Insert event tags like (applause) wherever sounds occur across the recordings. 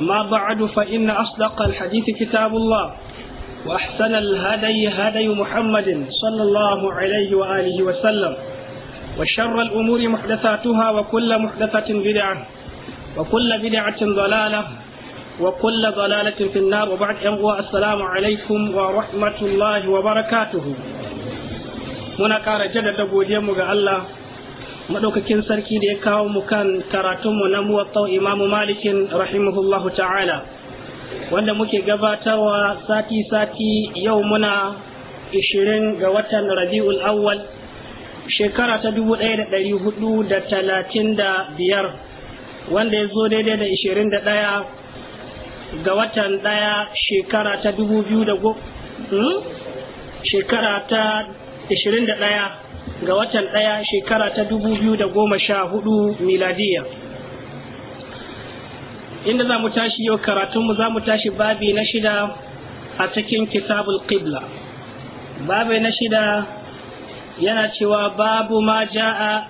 ما بعد فإن أصدق الحديث كتاب الله وأحسن الهدي هدي محمد صلى الله عليه وآله وسلم وشر الأمور محدثاتها وكل محدثة بدعة وكل بدعة ضلالة وكل ضلالة في النار وبعد أن السلام عليكم ورحمة الله وبركاته هنا قال جدد أبو الله madaukakin sarki da ya kawo mu kan karatunmu na muwatta imamu malikin rahimahullahu ta'ala wanda muke gabatarwa sati-sati yau muna 20 ga watan rabi'ul awwal shekara ta 1435 wanda ya zo daidai da 21 ga watan daya shekara ta 2000 hmm? shekara ta 21 ga watan ɗaya shekara ta dubu biyu da goma sha hudu miladiya inda za mu tashi yau karatunmu za mu tashi babi na shida a cikin kitabul qibla babi na shida yana cewa babu ma ja'a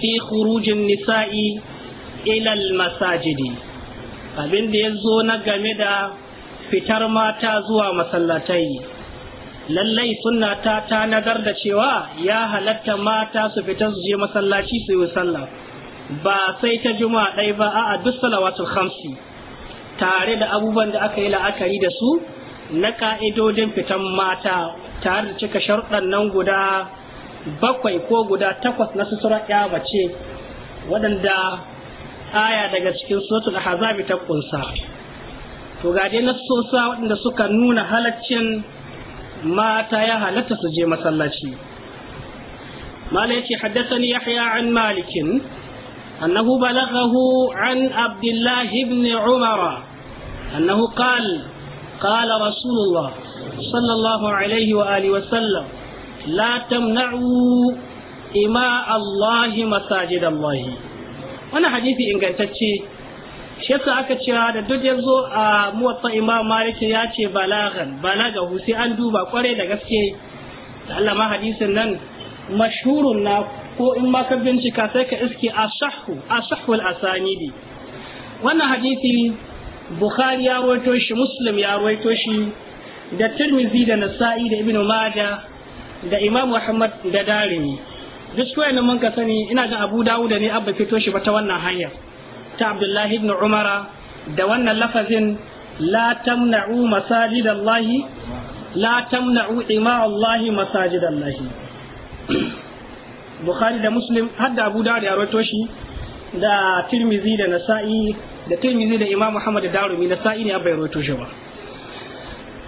fi khurujin nisa'i ilal masajidi abinda ya zo na game da fitar mata zuwa masallatai lallai suna ta ta nazar da cewa ya halatta mata su fita su je masallaci su yi sallah ba sai ta juma ɗaya ba a duk salawatul khamsi tare da abubuwan da aka yi la'akari da su na ka'idodin fitan mata tare da cika sharɗan nan guda bakwai ko guda takwas na sutura ya bace waɗanda aya daga cikin suratul ahzabi ta kunsa to ga dai na waɗanda suka nuna halaccin mata ya halatta su je masallaci mala yace haddathani yahya an malikin annahu balaghahu an abdullah ibn umara annahu qala قال رسول الله صلى الله عليه وآله وسلم لا تمنعوا إماء الله مساجد الله وانا حديثي shi yasa aka cewa da duk ya zo a muwatta imam Maliki ya ce balagan ga sai an duba kwarai da gaske da Allah ma hadisin nan mashhurun na ko in ma ka bincika sai ka iske ashahu ashahu al-asanidi wannan hadisi bukhari ya rawaito shi muslim ya rawaito shi da tirmizi da nasa'i da ibnu maja da imam muhammad da darimi duk wayannan mun ka sani ina ga abu dawuda ne abba fito shi ba ta wannan hanyar ta abdullahi ibn umara da wannan lafazin la tamna'u masajidallahi la tamna'u ima ima'allahi masajidallahi bukhari da muslim har da abu dawud ya rawaito shi da tirmizi da nasa'i da tirmizi da imam muhammad da darumi nasa'i ne bai rawaito shi ba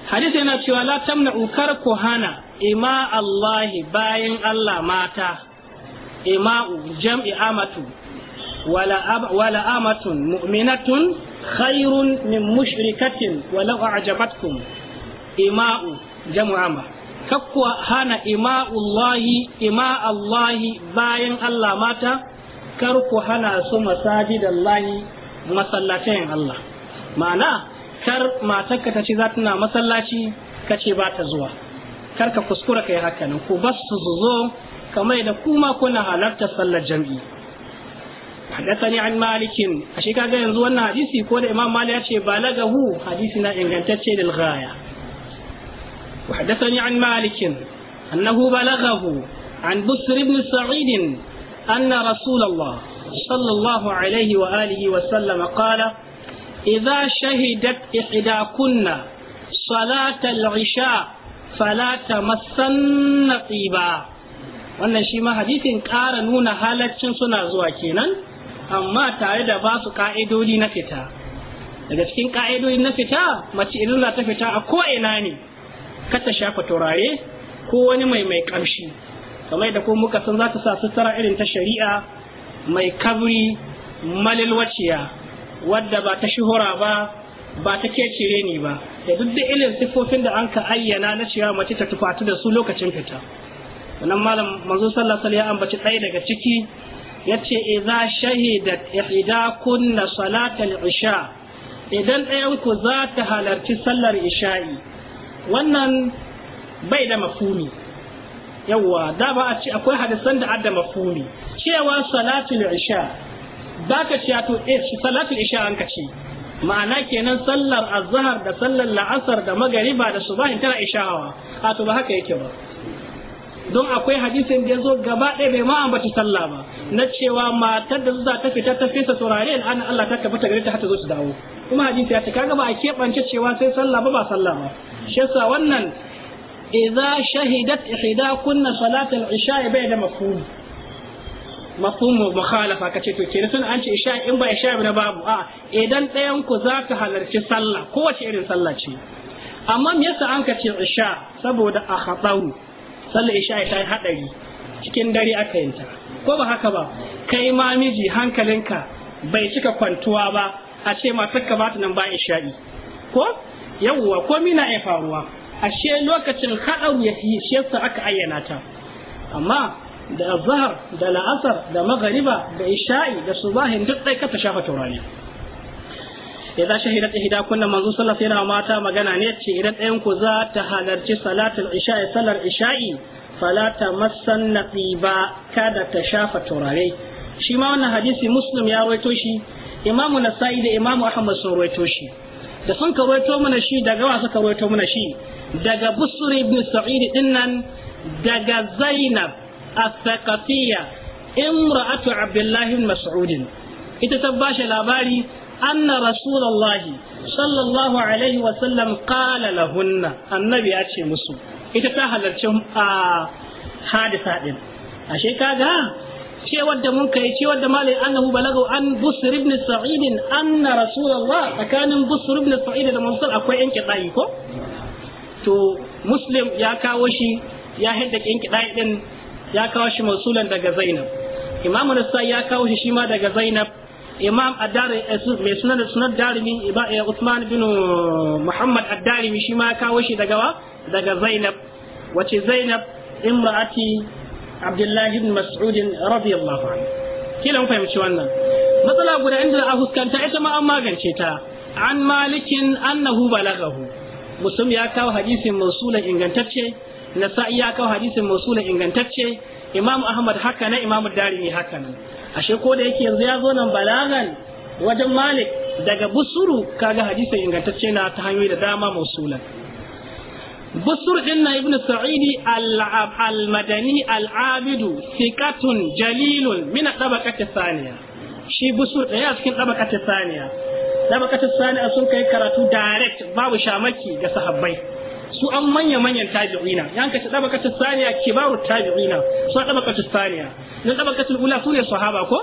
hadisi yana cewa la tamna'u kar ku hana ima ima'allahi bayan Allah mata ima'u jam'i amatu wala amatun mu'minatun khairun min mushrikatin walau a'jabatkum ima'u jam'ama kakkuwa hana ima'ullahi ima'allahi bayan Allah mata kar ku hana su masajidallahi masallacin Allah ma'ana kar matarka ta ce za ta masallaci ka ce ba ta zuwa kar ka kuskura kai haka nan ku bas su zo kamar da kuma kuna halarta sallar jam'i حدثني عن مالك أشي كاجا ينزو أن حديثي كون إمام مالك أشي بلغه حديثنا إن كانت للغاية وحدثني عن مالك أنه بلغه عن بسر بن سعيد أن رسول الله صلى الله عليه وآله وسلم قال إذا شهدت إحداكن صلاة العشاء فلا تمسن طيبا wannan shi ma hadisin ƙara nuna halaccin suna zuwa kenan amma tare da ba su ka'idodi na fita daga cikin ka'idodi na fita mace idan za ta fita a ko'ina ne kata shafa turare ko wani mai mai kamshi kamar da ko muka san za ta sa sutura irin ta shari'a mai kabri malilwaciya wadda ba ta shuhura ba ba ta cire ni ba da duk da irin siffofin da an ka ayyana na cewa mace ta tufatu da su lokacin fita wannan malam manzo sallallahu alaihi ya ambaci ɗaya daga ciki yace idza shahidat ihda kunna salatal isha idan ɗayan ku za ta halarci sallar isha'i wannan bai da mafumi yawwa da ba a ce akwai hadisan da adda mafumi cewa salatul isha za ce to eh, salatul isha an ka ce ma'ana kenan sallar azhar da sallar la'asar da magariba da subahin tana ishawa a to ba haka yake ba don akwai hadisin da ya zo gaba ɗaya bai ma ambaci sallah ba na cewa matar da za ta fita ta fesa turare in ana Allah ta tabbata gare ta har ta zo ta dawo kuma hadisi ya ce kaga ba a keɓance cewa sai sallah ba ba sallah ba shi yasa wannan idza shahidat ihda kunna salat al-isha bai da mafhum mafhumu mukhalafa kace to kenan sun an ce isha in ba isha ba babu a idan ɗayan ku za ta halarci sallah kowace irin sallah ce amma me yasa an ka ce isha saboda a khataru sallar isha ta yi haɗari cikin dare aka yin ko ba haka ba kai ma miji hankalinka bai cika kwantuwa ba a ce matarka ba ta nan ba isha'i ko yawwa ko mina ya faruwa ashe lokacin hadar ya yi shi aka ayyana ta amma da Zahar, da la'asar da magariba da isha'i da subahin duk ɗai ka ta shafa taurari idza shahidat ihda kunna manzo sallallahu yana mata magana ne ce idan ɗayan ku za ta halarci salatul isha'i sallar isha'i fala tamassanna ba kada ta shafa turare shi ma wannan hadisi muslim ya rawaito shi imamu nasa'i da imamu ahmad sun rawaito shi da sun ka rawaito mana shi daga wa suka rawaito mana shi daga busri ibn sa'id dinnan daga zainab الثقفية امرأة imra'atu abdullahi masudin ita ta bashi labari anna rasulullahi sallallahu alaihi wa sallam qala lahunna annabi ya ce musu ita ta halarci a hadisa din A kaga cewar da mun kai cewar da malai annahu balagu an busr ibn sa'id anna rasulullah tsakanin busr ibn sa'id da musul akwai yan kidai ko to muslim ya kawo shi ya hidda yan kidai din ya kawo shi mausulan daga zainab imamu nasai ya kawo shi shima daga zainab imam addari eh, mai sunan da sunan darimi eh, usman bin uh, muhammad addarimi shi ma kawo shi daga daga zainab wace zainab imra'ati abdullahi bin mas'ud radiyallahu anhu kilan fahimci wannan matsala guda inda a huskanta ita ma an magance ta an malikin annahu balagahu muslim ya kawo hadisin mausulan ingantacce nasa'i ya kawo hadisin mausulan ingantacce imam ahmad haka na imam darimi haka nan ashe ko da yake yanzu ya zo nan balagan wajen malik daga busuru kaga hadisin ingantacce na ta hanyoyi da dama mausulan busur din na ibnu sa'idi al-madani al-abidu thiqatun jalilun min tabaqati thaniya shi busur ɗaya a cikin tabaqati thaniya tabaqati thaniya sun kai karatu direct babu shamaki ga sahabbai su an manya manyan tabi'ina yan kace dabakatu saniya kibaru tabi'ina su an dabakatu saniya dan dabakatu ula su ne sahaba ko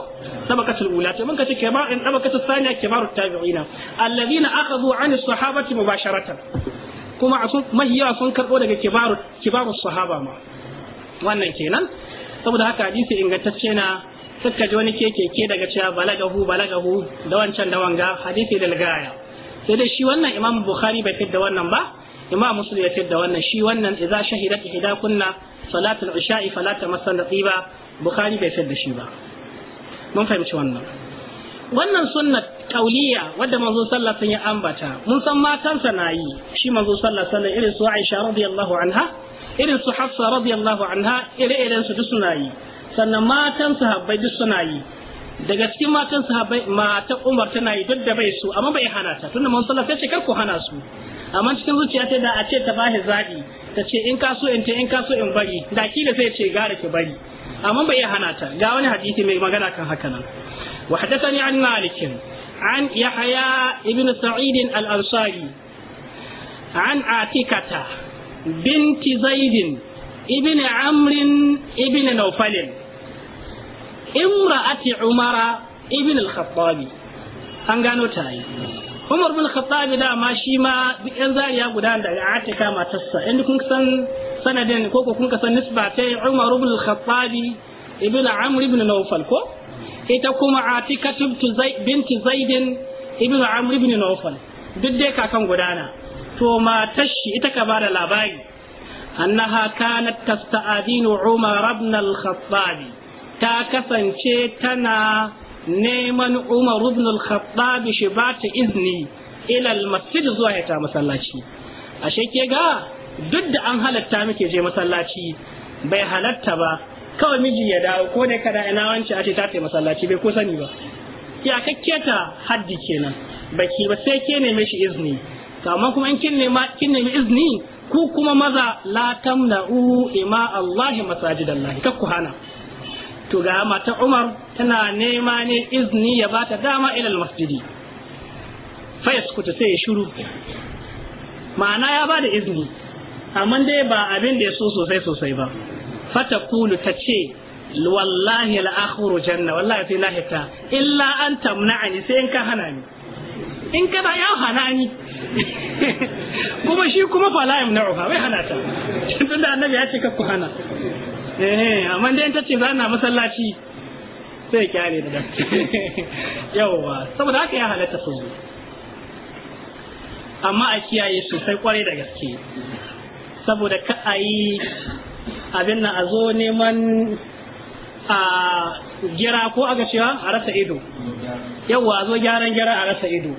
dabakatu ula to mun kace kibar in dabakatu saniya kibaru tabi'ina alladhina akhadhu an as-sahabati mubasharatan kuma mahiya sun karbo daga kibaru kibaru sahaba ma wannan kenan saboda haka hadisi ingantacce na suka ji wani kekeke daga cewa balagahu balagahu da wancan da wanga hadisi da sai dai shi wannan imam bukhari bai fidda wannan ba imam muslim ya da wannan shi wannan idza shahidat ihdakunna salatul isha'i fala tamassal ba bukhari bai da shi ba mun fahimci wannan wannan sunna kauliya wadda manzo sallallahu alaihi ya ambata mun san matansa na yi shi manzo sallallahu alaihi irin su Aisha radiyallahu anha irin su Hafsa radiyallahu anha ire-iren su duk suna yi sannan matan sahabbai duk suna yi daga cikin matan sahabbai mata Umar tana yi duk da bai su amma bai hana ta tunda manzo sallallahu alaihi ya ce kar ku hana su amma cikin zuciya ta da a ce ta bashi zaɓi ta ce in ka so in ta in ka so in bari da kila sai ce gara ki bari amma bai hana ta ga wani hadisi mai magana kan haka nan wa hadathani an malik an yahya ibn sa'id al-ansari an atikata binti zaid ibn amr ibn nawfal imra'ati umara ibn al-khattabi an gano ta yi Umar bin Khattab da ma shi ma duk yan zariya guda da ya atika matarsa in kun san sanadin ko ko kun san nisba ta Umar bin Khattab ibn Amr ibn Nawfal ko ita kuma Atika tubtu Zaid binti Zaid ibn Amr ibn Nawfal duk dai kakan gudana to matar shi ita ka bada labari annaha kanat tasta'adinu Umar ibn al-Khattab ta kasance tana neman Umar ibn al-Khattab shi ba ta izini ila al-masjid zuwa ya ta masallaci ashe ke ga duk da an halatta muke je masallaci bai halatta ba kawai miji ya dawo ko da kada ina wance a ce ta ta masallaci bai ko sani ba ya kakke ta haddi kenan baki ba sai ke neme shi izini Kamar kuma in kin nema nemi izini ku kuma maza la tamna'u ima Allah masajidallahi kakku hana to ga mata Umar tana nema ne izini ya ba ta dama ilal masjidi fa yaskuta sai ya shiru ma'ana ya bada izini amma dai ba abin da ya so sosai sosai ba fata kulu ta ce wallahi al'akhuru janna wallahi sai na hita illa an tamna'ani sai in ka hana ni in kana ya hana ni (laughs) kuma shi kuma fa la yamna'u wai hana ta (laughs) tunda annabi ya ce ka ku hana Eh, amma dai ta ce za na masallaci sai kyale da (laughs) yawa saboda haka ya halatta so amma a kiyaye sosai kwarai da gaske saboda ka a yi abin na a zo neman a gira ko aga cewa a rasa ido yawa a zo gyaran gyara a rasa ido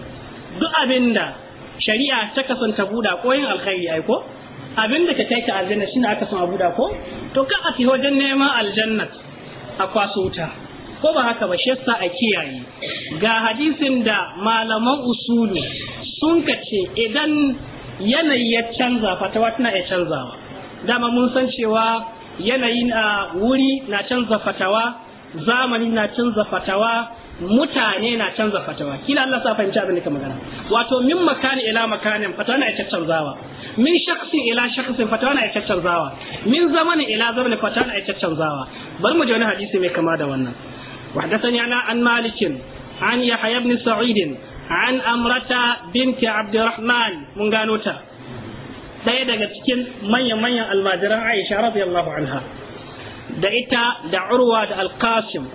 duk abin da shari'a ta kasanta buɗa koyin alkhairi ai ko abin da ka kai ka aljanna shine aka san abu da ko to ka a wajen neman aljanna a kwaso wuta ko ba haka ba shi yasa a kiyaye ga hadisin da malaman usulu sun kace idan yanayi ya canza fatawa tana ya canzawa dama mun san cewa yanayin a wuri na canza fatawa zamani na canza fatawa mutane na canza fatawa kila Allah sa fahimci abin da ka magana wato min makani ila makanin fatawa na ita canzawa min shakhsin ila shakhsin fatawa na ita canzawa min zamanin ila zamanin fatawa na ita canzawa bar mu ji wani hadisi mai kama da wannan وحدثني أنا an malikin, an يحيى بن سعيد عن أمرة بنت عبد الرحمن من قالوتا ɗaya daga cikin manya-manyan almajiran Aisha radiyallahu anha da ita da Urwa da Alkasim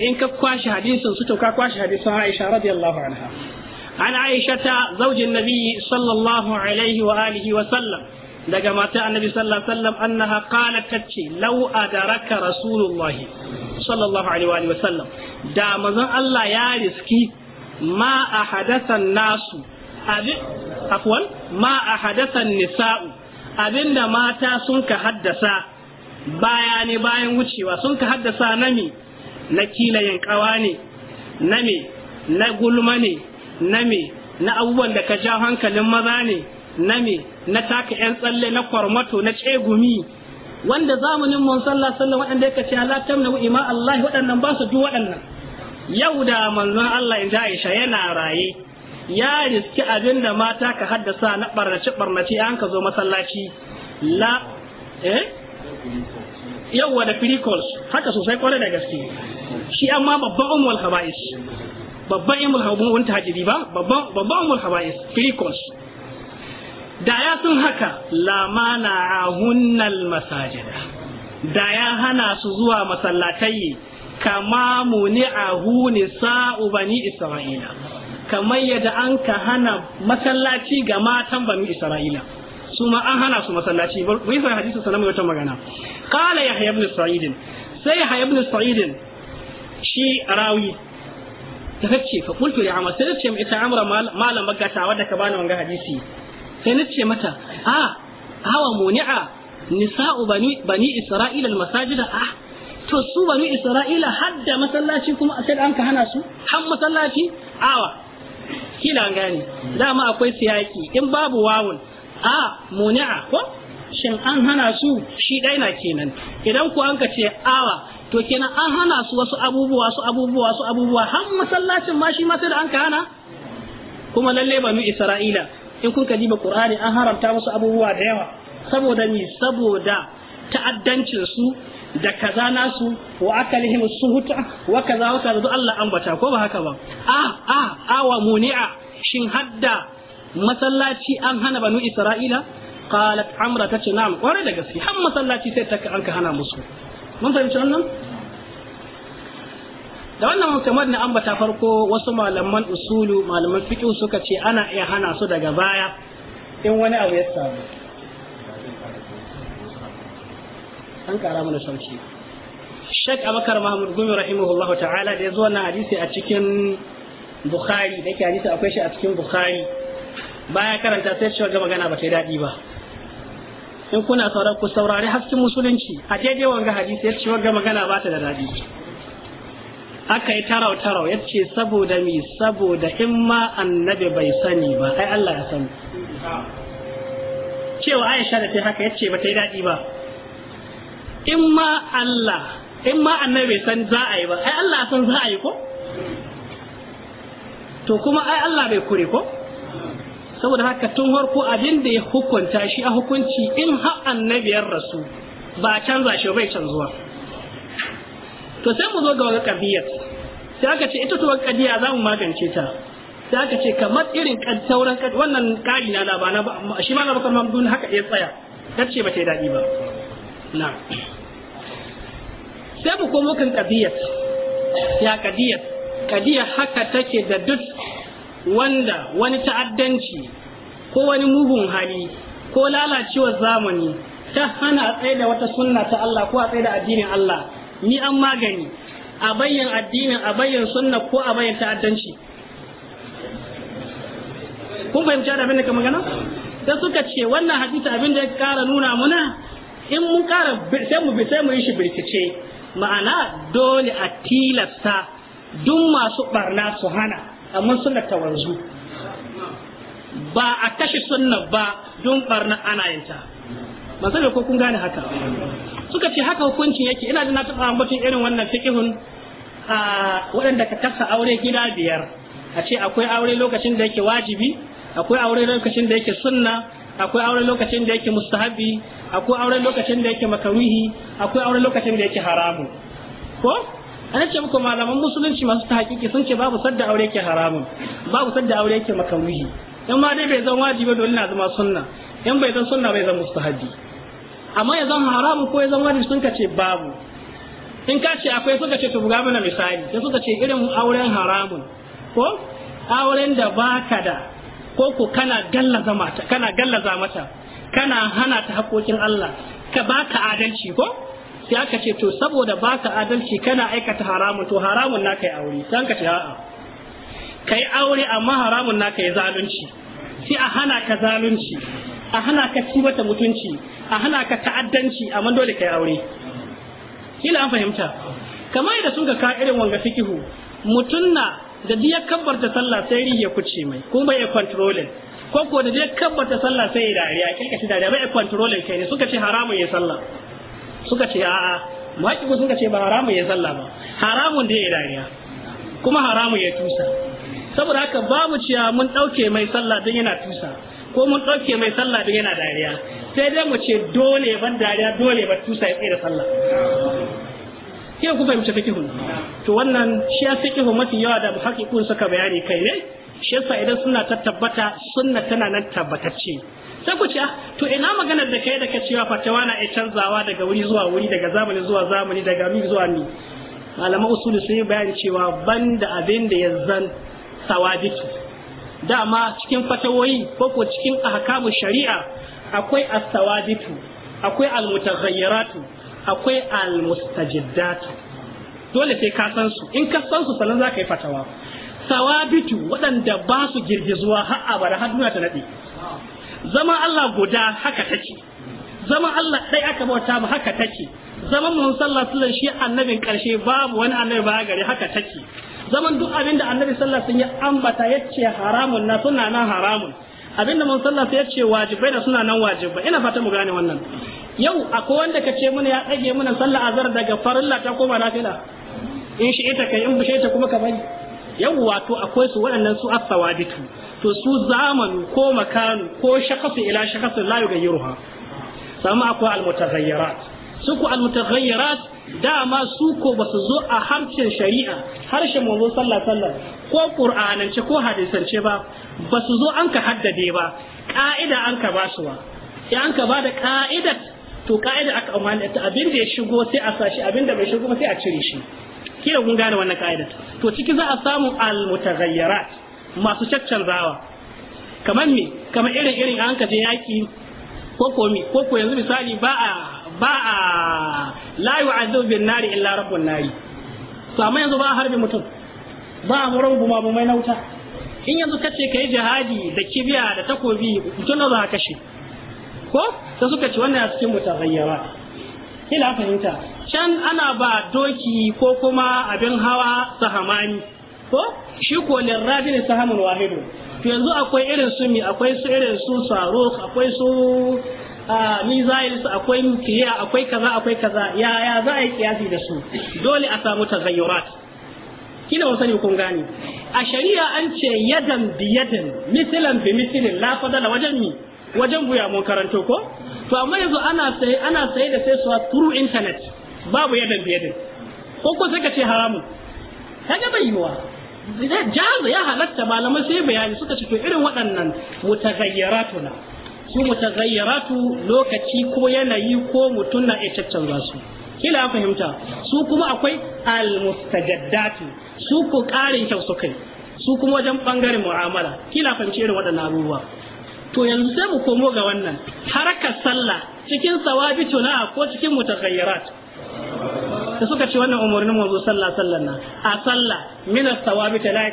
in ka kwashi hadisin su to ka kwashi hadisin Aisha radiyallahu anha an Aisha ta zaujin Nabi sallallahu alaihi wa alihi wa sallam daga mata annabi sallallahu alaihi wa sallam annaha qalat tace law adaraka rasulullahi sallallahu alaihi wa sallam da manzon Allah ya riski ma ahadatha nasu afwan ma ahadatha nisa'u abinda mata sun ka haddasa bayani bayan wucewa sun ka haddasa nami na kilayin kawa ne na me na gulma ne na me na abubuwan da ka ja hankalin maza ne na me na taka yan tsalle na kwarmato na cegumi wanda zamanin mun sallah sallah waɗanda yake ce la tamna ima Allah waɗannan ba su duk waɗannan yau da manzon Allah in Aisha yana raye ya riski abinda mata ka haddasa na barnace barnace an ka zo masallaci la eh yau da free haka sosai kwarai da gaske shi amma babban umul haba'is babban umul haba'is wani tahajiri ba babban babban umul haba'is firikos da ya sun haka lamana ahunnal masajida da ya hana su zuwa masallatai kama muni huni sa'u bani isra'ila kamar yadda an ka hana masallaci ga matan bani isra'ila su ma an hana su masallaci bai sai hadisi sallama wata magana qala yahya ibn sa'id sai yahya ibn sa'id shi rawi ta ce fa kuntu ya amma sai ta ce ita amra malam magata wanda ka bani wanga hadisi sai na ce mata a hawa muni'a nisa'u bani bani isra'ila almasajida ah to su bani isra'ila hadda masallaci kuma sai an ka hana su har masallaci awa kila da dama akwai siyaki in babu wawun a muni'a ko shin an hana su shi dai na kenan idan ku an ka ce awa to kenan an hana su wasu abubuwa su abubuwa su abubuwa har masallacin ma shi ma sai da an ka hana kuma lalle banu isra'ila in kun ka ba qur'ani an haramta musu abubuwa da yawa saboda ni saboda ta'addancin su da kaza nasu wa akalihim suhuta wa kaza wa kaza duk Allah ambata ko ba haka ba ah ah awa muni'a shin hadda masallaci an hana banu isra'ila qalat amra tace na'am kware da gaske har masallaci sai ta an ka hana musu mun fahimci wannan da wannan kamar na ambata farko wasu malaman usulu malaman fikin suka ce ana iya hana su daga baya in wani abu ya samu an kara mana sauki Sheikh Abakar Mahmud Gumi rahimahullahu ta'ala da ya zo wannan hadisi a cikin Bukhari da ke hadisi akwai shi a cikin Bukhari baya karanta sai shi wajen magana ba ta yi daɗi ba in kuna saurar ku saurari hasken musulunci a daidai wanga hadisi ya ce wanga magana ba ta da daɗi aka yi tarau tarau ya ce saboda mi saboda in ma annabi bai sani ba ai Allah ya sani cewa Aisha da ta haka ya ce ba ta yi daɗi ba in ma Allah in ma annabi bai san za a yi ba ai Allah ya san za a yi ko to kuma ai Allah bai kure ko saboda haka tun farko abin da ya hukunta shi a hukunci in har annabiyar rasu ba canza shi bai canzuwa to sai mu zo ga wani kabiyar sai aka ce ita to wani kadiya za mu magance ta sai aka ce kamar irin sauran wannan kari na labana ba shi ma na bakar mamdun haka ya tsaya ce ba ta yi daɗi ba na sai mu komo kan kadiyar ya kadiyar kadiyar haka take da duk wanda wani ta'addanci ko wani mugun hali ko lalacewar zamani ta hana a tsaye da wata sunna ta Allah ko a tsaye da addinin Allah ni an magani a bayyan addinin a bayyan sunna ko a bayyan ta'addanci kun fahimci da abinda ka magana sai suka ce wannan hadisi abin da ya kara nuna muna in mun kara sai mu sai mu yi shi birkice ma'ana dole a tilasta duk masu barna su hana amma sunna ta wanzu ba a kashe sunna ba don barna ana yin ta ban da ko kun gane haka suka ce haka hukuncin yake ina jin na taɓa mutum irin wannan fiqhun a waɗanda ka kasa aure gida biyar a ce akwai aure lokacin da yake wajibi akwai aure lokacin da yake sunna akwai aure lokacin da yake mustahabi akwai aure lokacin da yake makaruhi akwai aure lokacin da yake haramu ko an ce muku malaman musulunci masu ta hakiki sun ce babu sadda aure ke haramun babu sadda aure ke makaruhi in ma dai bai zan wajibi dole na zama sunna in bai zan sunna bai zan mustahabi amma ya zan haramun ko ya zan wajibi sun ka ce babu in ka ce akwai suka ce to buga mana misali sai suka ce irin auren haramun ko auren da baka da ko ko kana gallaza mata kana gallaza mata kana hana ta haƙoƙin Allah ka baka adalci ko sai aka ce to saboda baka adalci kana aikata haramun to haramun naka yi aure sai aka ce a'a kai aure amma haramun naka yi zalunci sai a hana ka zalunci a hana ka cibata mutunci a hana ka ta'addanci amma dole kai aure kila an fahimta kamar yadda sun ga ka irin wanga fikihu mutum na da ya kabbarta sallah sai rihi ya kuce mai kuma bai controlling ko ko da ya kabbarta sallah sai ya dariya shi dariya bai controlling kai ne suka ce haramun ya sallah suka ce a'a ko suka ce ba haramun ya sallah ba haramun da ya dariya kuma haramun ya tusa saboda haka babu cewa mun ɗauke mai sallah don yana tusa ko mun ɗauke mai sallah don yana dariya sai dai mu ce dole ban dariya dole ban tusa ya tsaye da sallah ke ku fahimci fikihun to wannan shi ya fikihu mafi yawa da muhakkikun suka bayani kai ne shi yasa idan suna ta tabbata sunna tana nan tabbatacce sai ku ciya ah, to ina maganar da kai da ka cewa fatawa na iya canzawa daga wuri zuwa wuri daga zamani zuwa zamani daga mi zuwa mi malaman usulu sun yi bayani cewa banda abin da ya zan sawabitu dama cikin fatawoyi ko ko cikin ahkamu shari'a akwai as-sawabitu akwai al-mutaghayyiratu akwai al-mustajiddatu dole sai ka san su in ka san su sannan zaka yi fatawa sawabitu waɗanda ba su girgizuwa har abara har duniya ta nade zama Allah guda haka take zama Allah ɗaya aka bauta mu haka take zaman mu sallallahu alaihi wasallam shi annabin karshe babu wani annabi ba gare haka take zaman duk abin da annabi sallallahu alaihi wasallam ya ambata yace haramun na suna nan haramun abinda mun sallallahu ya ce wajibai da suna nan wajibai ina fata mu gane wannan yau akwai wanda ka ce muna ya tsage muna sallar azhar daga farilla ta koma nafila in shi ita kai in bushe ta kuma ka bari yau wato akwai su waɗannan su as-sawabitu to su zamanu ko makanu ko shakasu ila shakasu la yughayyiruha sama akwai almutaghayyirat su ku almutaghayyirat dama su ko basu zo a harshen shari'a harshen manzo sallallahu alaihi ko qur'anance ko hadisance ba basu zo an ka haddade ba ka'ida an ka basuwa in an ka bada ka'idat to ka'ida aka umarni ta abin da ya shigo sai a sashi abin da bai shigo sai a cire shi kila kun gane wannan ka'idat to ciki za a samu almutaghayyirat masu caccanzawa kamar me kamar irin irin an kaje yaki ko ko mi ko ko yanzu misali ba a ba a la yu'adhu bin nari illa rabbun nari to amma yanzu ba a harbi mutum ba a murar buma ba mai nauta in yanzu kace kai jihadi da kibiya da takobi mutum na za ka kashe ko ta suka ci wannan a cikin mutaghayyara ila fahimta can ana ba doki ko kuma abin hawa sahamani ko shi ko lirrajin sahamun wahidu to yanzu akwai irin su mi akwai su irin su saro akwai su mizail akwai kiya akwai kaza akwai kaza ya ya za a yi kiyasi da su dole a samu tazayyurat kina wasu ne kun gani? a shari'a an ce yadan bi yadan misilan bi misilin la fadala wajen mi wajen buya mun karanto ko to amma yanzu ana sai ana sai da sai suwa through internet babu yadan bi yadan ko ko sai ka ce haramun kaga bai yiwa jaza ya halatta malamai sai bayani suka ce to irin waɗannan na, su mutagayyaratu lokaci ko yanayi ko mutum na iya caccanza su kila fahimta su kuma akwai almustajaddatu su ko ƙarin kyau su kai su kuma wajen ɓangaren mu'amala kila fahimci irin waɗannan abubuwa to yanzu sai mu komo ga wannan harkar sallah cikin sawabi tuna ko cikin mutagayyarat da suka ce wannan umarnin wanzu sallah sallan nan a sallah mina sawabi ta la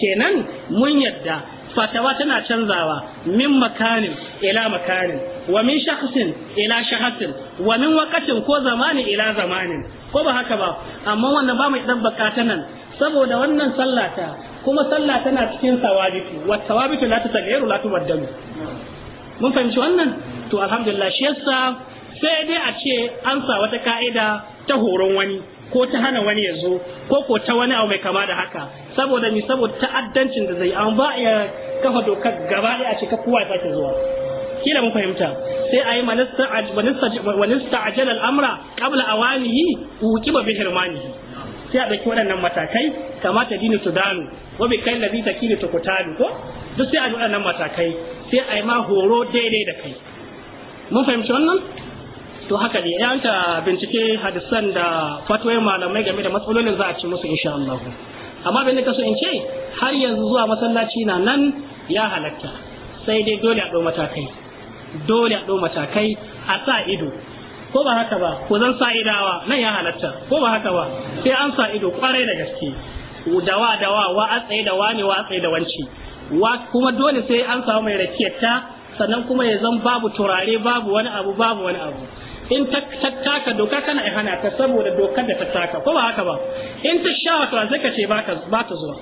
kenan mun yadda fatawa tana canzawa min makanin ila makanin wa min shakhsin ila shakhsin wa min waqatin ko zamanin ila zamanin ko ba haka ba amma wannan ba mai dabbaka ta nan saboda wannan sallata kuma sallah tana cikin sawabitu wa sawabitu la tatagayyaru la tubaddalu mun fahimci wannan to alhamdulillah shi yasa sai dai a ce an sa wata ka'ida ta horon wani ko ta hana wani ya zo ko ko ta wani abu mai kama da haka saboda mi saboda ta'addancin da zai an ba ya kafa dokar gaba ɗaya a ce kowa ya sake zuwa kila mun fahimta sai a yi manista ajal al'amra qabla awanihi uqiba bi hirmanihi sai a ɗauki waɗannan matakai kamata dini tudanu wa bi kai ladhi takili ta ko duk sai a yi waɗannan matakai sai a yi ma horo daidai da kai mun fahimci wannan to haka ne ya ta bincike hadisan da fatwai malamai game da matsalolin za a ci musu insha Allah amma bin da so in ce har yanzu zuwa masallaci na nan ya halatta sai dai dole a ɗau matakai dole a ɗau matakai a sa ido ko ba haka ba ko zan sa idawa nan ya halatta ko ba haka ba sai an sa ido kwarai da gaske dawa dawa wa a tsaye da wani wa a tsaye da wanci wa kuma dole sai an samu mai rakiyar ta sannan kuma ya zan babu turare babu wani abu babu wani abu in ta taka doka kana ya hana ta saboda dokar da ta taka ko ba haka ba in ta sha wato sai ka ce ba ta zuwa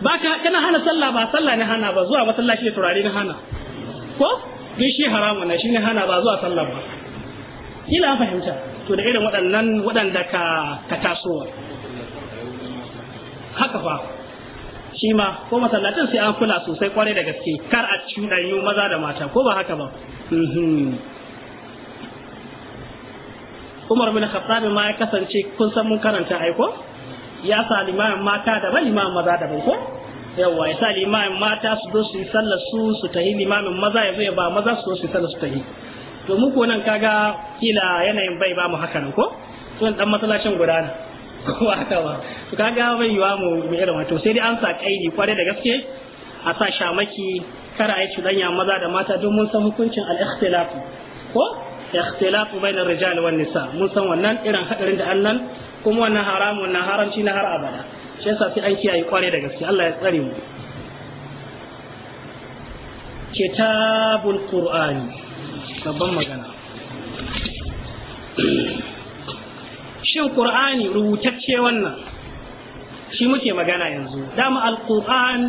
ba ka kana hana sallah ba sallah ne hana ba zuwa masallaci da turare ne hana ko dai shi haramu ne shi ne hana ba zuwa sallah ba kila fahimta to da irin waɗannan waɗanda ka ka tasowa haka fa shi ma ko masallacin sai an kula sosai kwarai da gaske kar a cuɗanyu maza da mata ko ba haka ba mhm. Umar bin Khattab ma ya kasance kun san mun karanta ai ko ya sa limamin mata da limamin maza da ko yawa ya sa limamin mata su zo su yi sallar su su tahi limamin maza ya zo ya ba maza su zo su yi sallar su tahi to mu ko nan kaga kila yanayin bai ba mu haka nan ko to dan masallacin guda ne (laughs) ko ba to kaga bai yiwa mu mu irin wato sai dai an sa kaidi kware da gaske a sa shamaki kar a yi maza da mata don mun san hukuncin al-ikhtilaf ko ikhtilafu bainar rijal wan nisa mun san wannan irin hadarin da Allah kuma wannan haramun na haramci na har abada shi yasa sai an kiyaye kware da gaske Allah ya tsare mu kitabul qur'ani babban magana shin qur'ani rubutacce wannan shi muke magana yanzu dama al alquran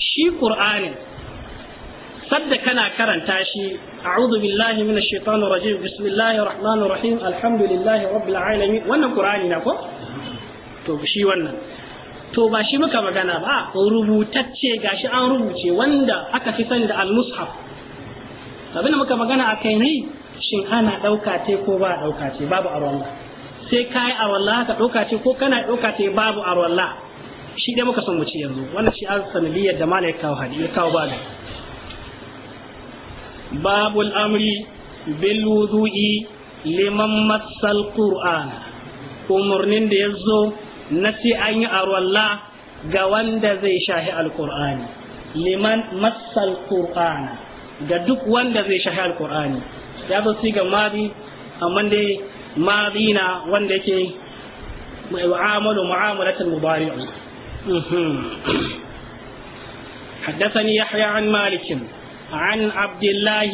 shi qur'anin sadda kana karanta shi a'udhu billahi minash shaitanir rajim bismillahir rahmanir rahim alhamdulillahi rabbil alamin wannan qur'ani na ko to shi wannan to ba shi muka magana ba rubutacce gashi an rubuce wanda aka fi sani da al-mushaf abinda muka magana akai ne shin ana dauka ce ko ba dauka ce babu arwalla sai ka yi arwalla ka dauka ce ko kana dauka ce babu arwalla shi dai muka son mu ci yanzu wannan shi an sanadiyar da malai kawo hadi ya kawo babu باب الأمر بالوضوء liman matsal qur'ana umarnin da ya zo na ce an yi arwalla ga wanda zai shahi alqur'ani liman matsal qur'ana ga duk wanda zai shahi alqur'ani ya zo su ga madi amma dai madi na wanda yake mu'amalu mu'amalatul mubari'u حدثني يحيى عن malikin. عن عبد الله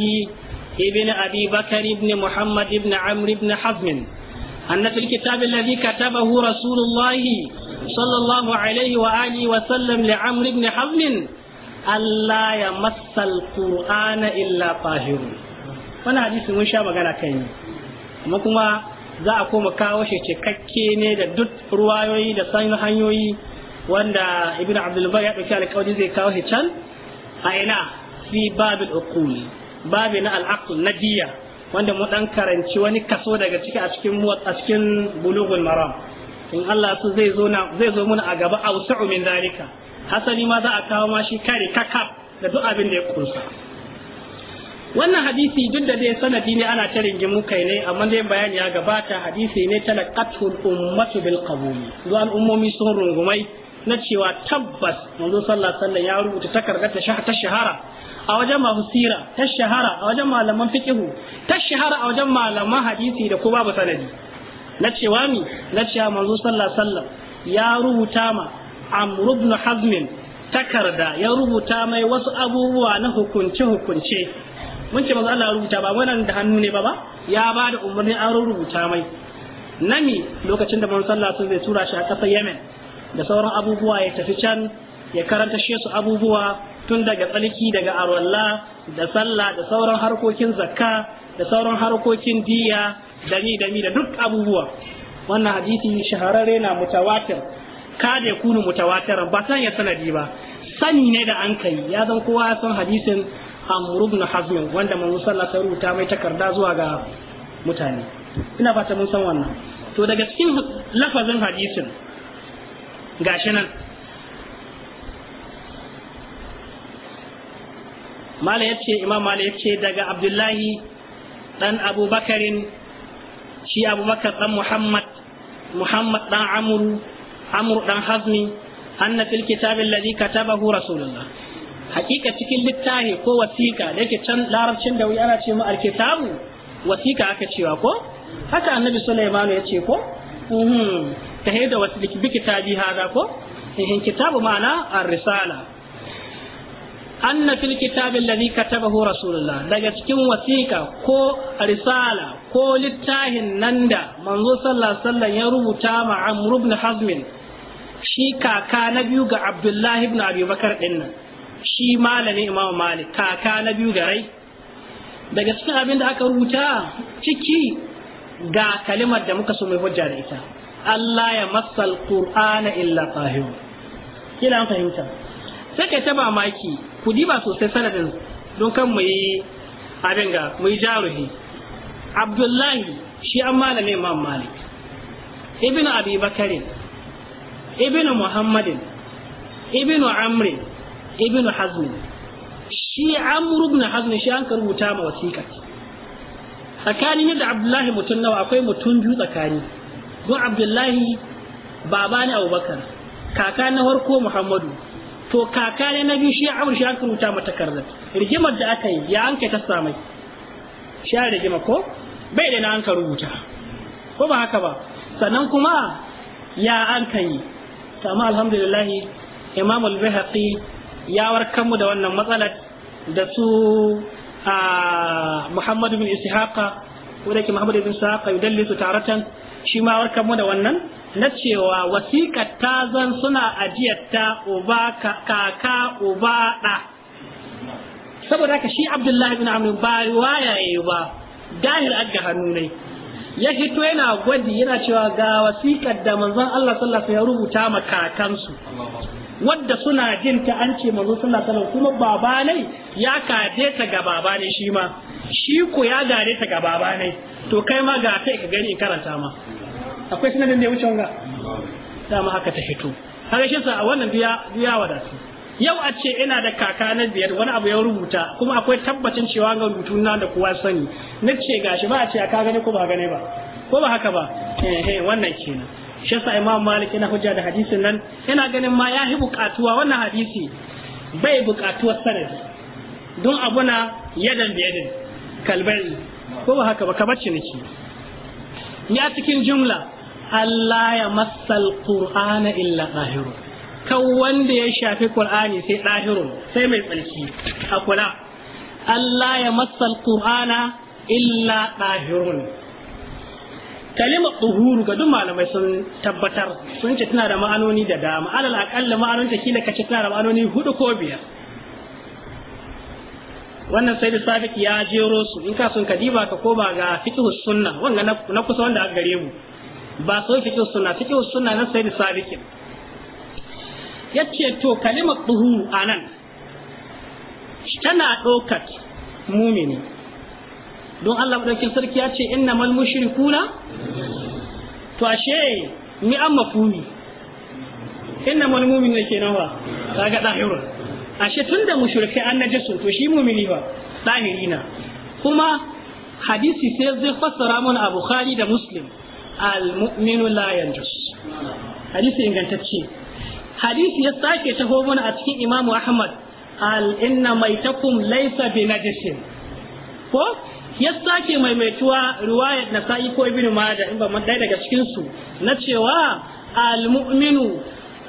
ابن أبي بكر بن محمد بن عمرو بن حزم أن في الكتاب الذي كتبه رسول الله صلى الله عليه وآله وسلم لعمرو بن حزم ألا يمس القرآن إلا طاهر wani hadisi mun sha magana kan yi amma kuma za a koma kawo shi cikakke ne da duk ruwayoyi da sanin hanyoyi wanda ibn abdulbar ya ɗauki alƙawari zai kawo shi can a ina fi babil uqul babi na al na wanda mu dan karanci wani kaso daga ciki a cikin a cikin bulughul maram in Allah su zai zo na zai zo muna a gaba ausu'u min zalika hasali ma za a kawo ma shi kare kakab da duk abin da ya kunsa wannan hadisi duk da dai sanadi ne ana ta ringimu kai ne amma dai bayani ya gabata hadisi ne talaqatul ummatu bil qabul zuwan ummomi sun rungumai na cewa tabbas manzo sallallahu alaihi wasallam ya rubuta takardar ta shahara a wajen masu sira ta shahara a wajen malaman fiqihu ta shahara a wajen malaman hadisi da ko babu sanadi na cewa ni, na cewa manzo sallallahu alaihi wasallam ya rubuta ma amr ibn hazm takarda ya rubuta mai wasu abubuwa na hukunce hukunce mun ce manzo Allah rubuta ba wannan da hannu ne ba ba ya ba da umarni an rubuta mai nami lokacin da manzo sallallahu alaihi wasallam zai tura shi a kasar Yemen da sauran abubuwa ya tafi can ya karanta shi su abubuwa tun daga tsarki, daga arwalla da sallah da sauran harkokin zakka da sauran harkokin diya da ni da ni da duk abubuwa wannan hadisi shahararre na mutawatir ka da kunu mutawatir ba san ya sanadi ba sani ne da an kai ya zan kowa ya san hadisin amr ibn hazm wanda manzo sallallahu alaihi rubuta mai takarda zuwa ga mutane ina fata mun san wannan to daga cikin lafazin hadisin gashi nan mala yace imam mala yace daga abdullahi dan abubakarin shi abubakar dan muhammad muhammad dan amru ɗan dan hazmi anna fil kitab alladhi katabahu rasulullah hakika cikin littafi ko wasiƙa da yake can larabcin da wuya ana ce mu alkitabu wasiƙa aka cewa ko haka annabi sulaiman ya ce ko mhm. ta da wasu bi kitabi hada ko in kitabu ma'ana ar-risala anna fil kitabin ladhi katabahu rasulullah daga cikin wasiƙa ko risala ko littafin nan da manzo sallallahu alaihi wasallam ya rubuta ma Amr ibn Hazm shi kaka na biyu ga Abdullah ibn Abi Bakar dinnan shi malami Imam Malik kaka na biyu ga rai daga cikin abin da aka rubuta ciki ga kalimar da muka so mai hujja da ita Allah ya masal qur'ana illa tahir kila fahimta sai ta mamaki ku diba sosai sanadin don kan mu yi abin ga mu yi jaruhi abdullahi shi an malame imam malik ibn abi bakarin ibn muhammadin ibn amrin ibn hazmin shi amru ibn hazmin shi an kan rubuta ma wasiƙa tsakani ne da abdullahi mutum nawa akwai mutum biyu tsakani don abdullahi baba ne abubakar kaka na farko muhammadu to kaka ne na biyu shi amur shi an rubuta mata karza rigimar da aka yi ya anke ta samai shi an rigima ko bai da na anka rubuta ko ba haka ba sannan kuma ya an kai to amma alhamdulillah imam al-bihaqi ya warkar mu da wannan matsalar da su a muhammad bin ishaqa ko da ke muhammad bin ishaqa yudallisu taratan shi ma warkar mu da wannan na cewa wasiƙar ta zan suna ajiyar uba kaka uba ɗa saboda ka shi abdullahi bin amr ba riwaya yayi ba dahil aga hannu ne ya hito yana gwaji yana cewa ga wasikar da manzon Allah sallallahu alaihi ya rubuta ma kakansu wadda suna jin ta an ce manzon sallallahu alaihi kuma baba ne ya kade ta ga baba ne shi ma shi ko ya gare ta ga baba ne to kai ma ga kai ka gani karanta ma akwai sanadin da ya wuce wanga dama haka ta fito haka shi sa wannan biya wada wadatu yau a ce ina da kaka na biyar wani abu ya rubuta kuma akwai tabbacin cewa ga rubutu na da kowa sani na ce gashi ba a ce ka gane ko ba gane ba ko ba haka ba eh eh wannan kenan shi sa imam malik yana hujja da hadisin nan yana ganin ma ya hi bukatuwa wannan hadisi bai bukatuwar sanadi don abuna yadan biyadin kalbari ko ba haka ba ka ni ciniki ni a cikin jumla Allah ya matsal Qur'ana illa ɗahiru kan wanda ya shafi Qur'ani sai ɗahirun sai mai tsarki a kula Allah ya matsal Qur'ana illa ɗahirun kalimar tsuhuru ga duk malamai sun tabbatar sun ce tana da ma'anoni da dama alal akalla ma'anonta kila kace tana da ma'anoni hudu ko biyar wannan sai da ya jero su in ka sun kadiba ka ko ba ga fiqh sunna wannan na kusa wanda a gare mu ba so fiqh suna, fiqh suna na da sayyid Ya ce to kalimar a nan tana ɗaukat mumini don Allah madaukin sarki ya ce innamal kuna?' to ashe mi an mafumi innamal mu'minu kenan wa kaga dahirun ashe tun tunda mushrikai an najisu to shi mumini ba dahirina kuma hadisi sai zai fassara mana a Bukhari da Muslim Almuminu la yanjus hadisi ingantacce hadisi ya sake taho mana a cikin imamu ahmad al inna maitakum laysa bi najisin ko ya sake maimaituwa riwayat sa'i ko ibnu ma in ba daga cikin su na cewa almuminu mu'minu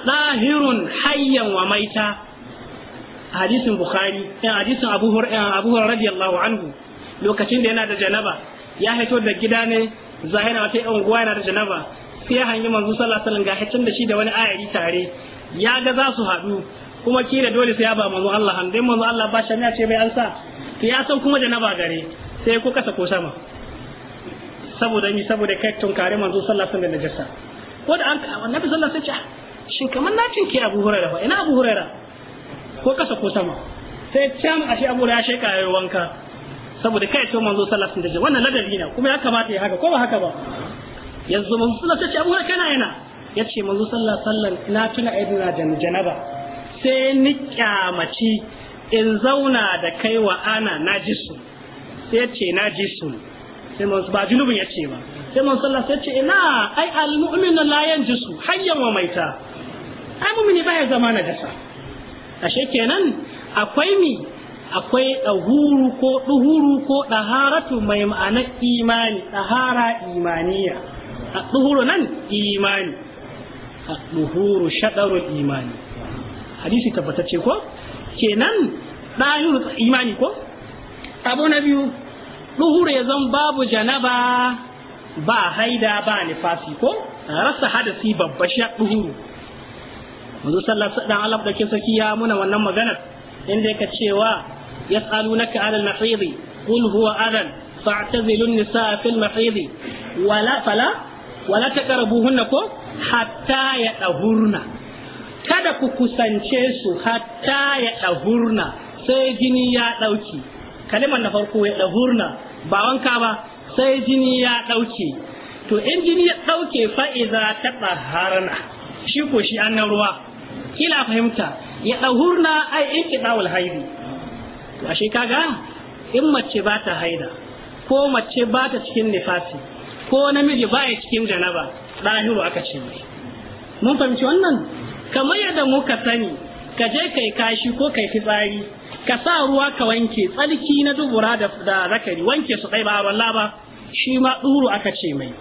zahirun hayyan wa maita hadisin bukhari ɗan eh, hadisin abu hurairah radiyallahu anhu lokacin da yana da janaba ya haito da gida ne zahira wata unguwa yana da janaba sai hanyi manzo sallallahu alaihi wasallam ga hacin da shi da wani ayari tare ya ga za su haɗu kuma kira dole sai ya ba manzo Allah dai manzo Allah ba ya ce bai ansa to ya san kuma janaba gare sai ko kasa ko sama saboda ni saboda kai kare manzo sallallahu alaihi wasallam da jassa ko da an annabi sallallahu alaihi wasallam ah, shin kamar na cinke Abu Hurairah ba ina Abu Hurairah ko kasa ko sama sai can ah, ashe Abu Hurairah sheka yayi wanka saboda kai to manzo sallallahu alaihi wasallam wannan ladabi ne kuma ya kamata ya haka ko ba haka ba yanzu manzo sallallahu alaihi wasallam Abu kana yana yace manzo sallallahu alaihi wasallam na tuna aiduna jan janaba sai ni kyamaci in zauna da kai wa ana najisu sai yace najisu sai manzo ba junubin yace ba sai manzo sallallahu alaihi wasallam yace ina ai almu'minu la yanjisu hayyan wa maita ai mu'mini baya zama najasa ashe kenan akwai mi akwai ɗahuru ko ɗuhuru ko ɗaharatu mai ma'anar imani ɗahara imaniya a ɗuhuru nan imani a ɗuhuru shaɗarun imani hadisi tabbatacce ko kenan ɗahuru imani ko abu na biyu ɗuhuru ya zan babu janaba ba haida ba nifasi ko rasa hadasi babba shi ɗuhuru manzo sallallahu alaihi wasallam Allah da ke saki ya muna wannan maganar inda yake cewa يسألونك عن المحيض قل هو أذى فاعتزلوا النساء في المحيض ولا فلا ولا تقربوهن حتى يطهرن kada ku kusance su hatta ya ɗahurna sai jini ya ɗauki kalimar na farko ya ɗahurna ba wanka ba sai jini ya ɗauke to in jini ya ɗauke fa'iza ta ɗaharna shi ko shi an ruwa kila fahimta ya ɗahurna ai in ki ɗawul haidi to ashe kaga in mace ba ta haida ko mace ba ta cikin nifasi ko namiji ba ya cikin janaba ɗahiru aka ce mai mun fahimci wannan kamar yadda muka sani ka je kai kashi ko kai fitsari ka sa ruwa ka wanke tsarki na dubura da zakari wanke su ɗai ba a ba shi ma ɗuru aka ce mai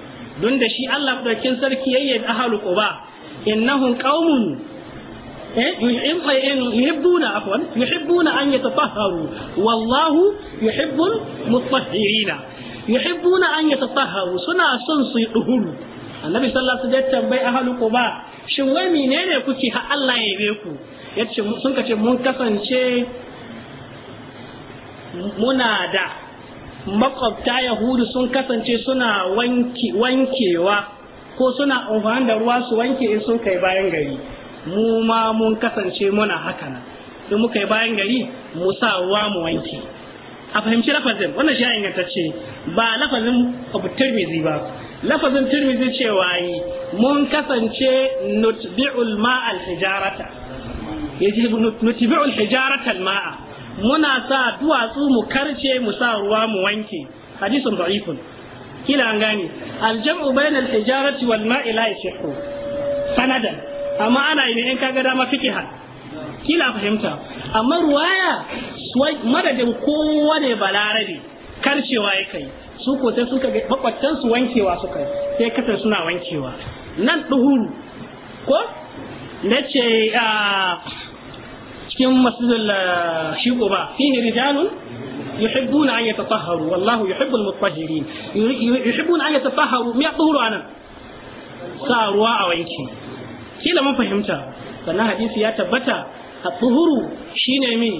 don da shi Allah ɗaukin sarki yayye da in na innahum qaumun يحبون عفوا يحبون ان يتطهروا والله يحب المطهرين يحبون ان يتطهروا سنا سن سي annabi sallallahu alaihi wasallam bai ahalu ku ba shin wai menene kuke har Allah ya ku yace sun kace mun kasance muna da makwabta yahudu sun kasance suna wankewa ko suna amfani da ruwa su wanke in sun kai bayan gari mu ma mun kasance muna haka nan in muka yi bayan gari mu sa ruwa mu wanke a fahimci lafazin wannan shi ya ingantacce ba lafazin abu tirmizi ba lafazin tirmizi cewa yi mun kasance nutbi'ul ma'al hijarata yaji nutbi'ul hijarata ma'a muna sa duwatsu mu karce mu sa ruwa mu wanke hadisun da'ifun kila an gane aljam'u bainal hijarati wal ma'i la yashihu sanadan amma ana yi ne in kaga dama fikihan kila fahimta amma ruwaya madadin kowa ne balarabe karcewa ya kai su ko sai suka ga makwattan su wankewa suka sai kasar suna wankewa nan duhuru ko nace a cikin masjidul shigo ba fihi rijalun يحبون أن يتطهروا والله يحب المطهرين يحبون أن يتطهروا ما anan أنا ruwa a يمكن kila mun fahimta sannan hadisi ya tabbata a tsuhuru shine mi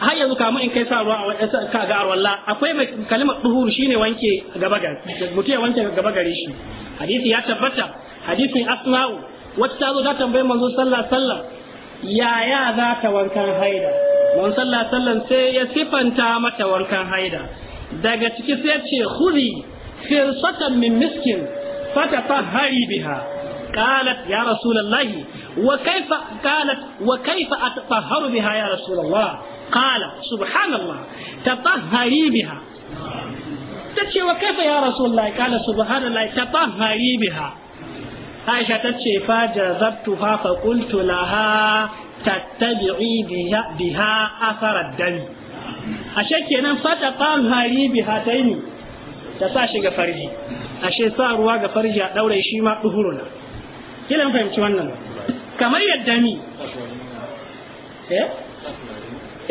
har yanzu kamar in kai sa ruwa a wadansa eh, ka ga arwalla akwai mai kalimar tsuhuru shine wanke gaba gari mutum ya wanke gaba gari shi hadisi ya tabbata hadisin asma'u wacce ta zo ta tambayi manzo sallah sallah yaya za ta wankan haida manzo sallah sallah sai ya sifanta mata wankan haida daga ciki sai ya ce khudhi firsatan min miskin fata fahari biha قالت يا رسول الله وكيف قالت وكيف أتطهر بها يا رسول الله قال سبحان الله تطهري بها تتشي وكيف يا رسول الله قال سبحان الله تطهري بها عائشة تتشي فجذبتها فقلت لها تتبعي بها, بها أثر الدم ashe kenan fata hari biha taimi ta sa shi ga farji ashe sa ruwa ga farji a daure shi ma duhuruna kila mun fahimci wannan kamar yadda mi. eh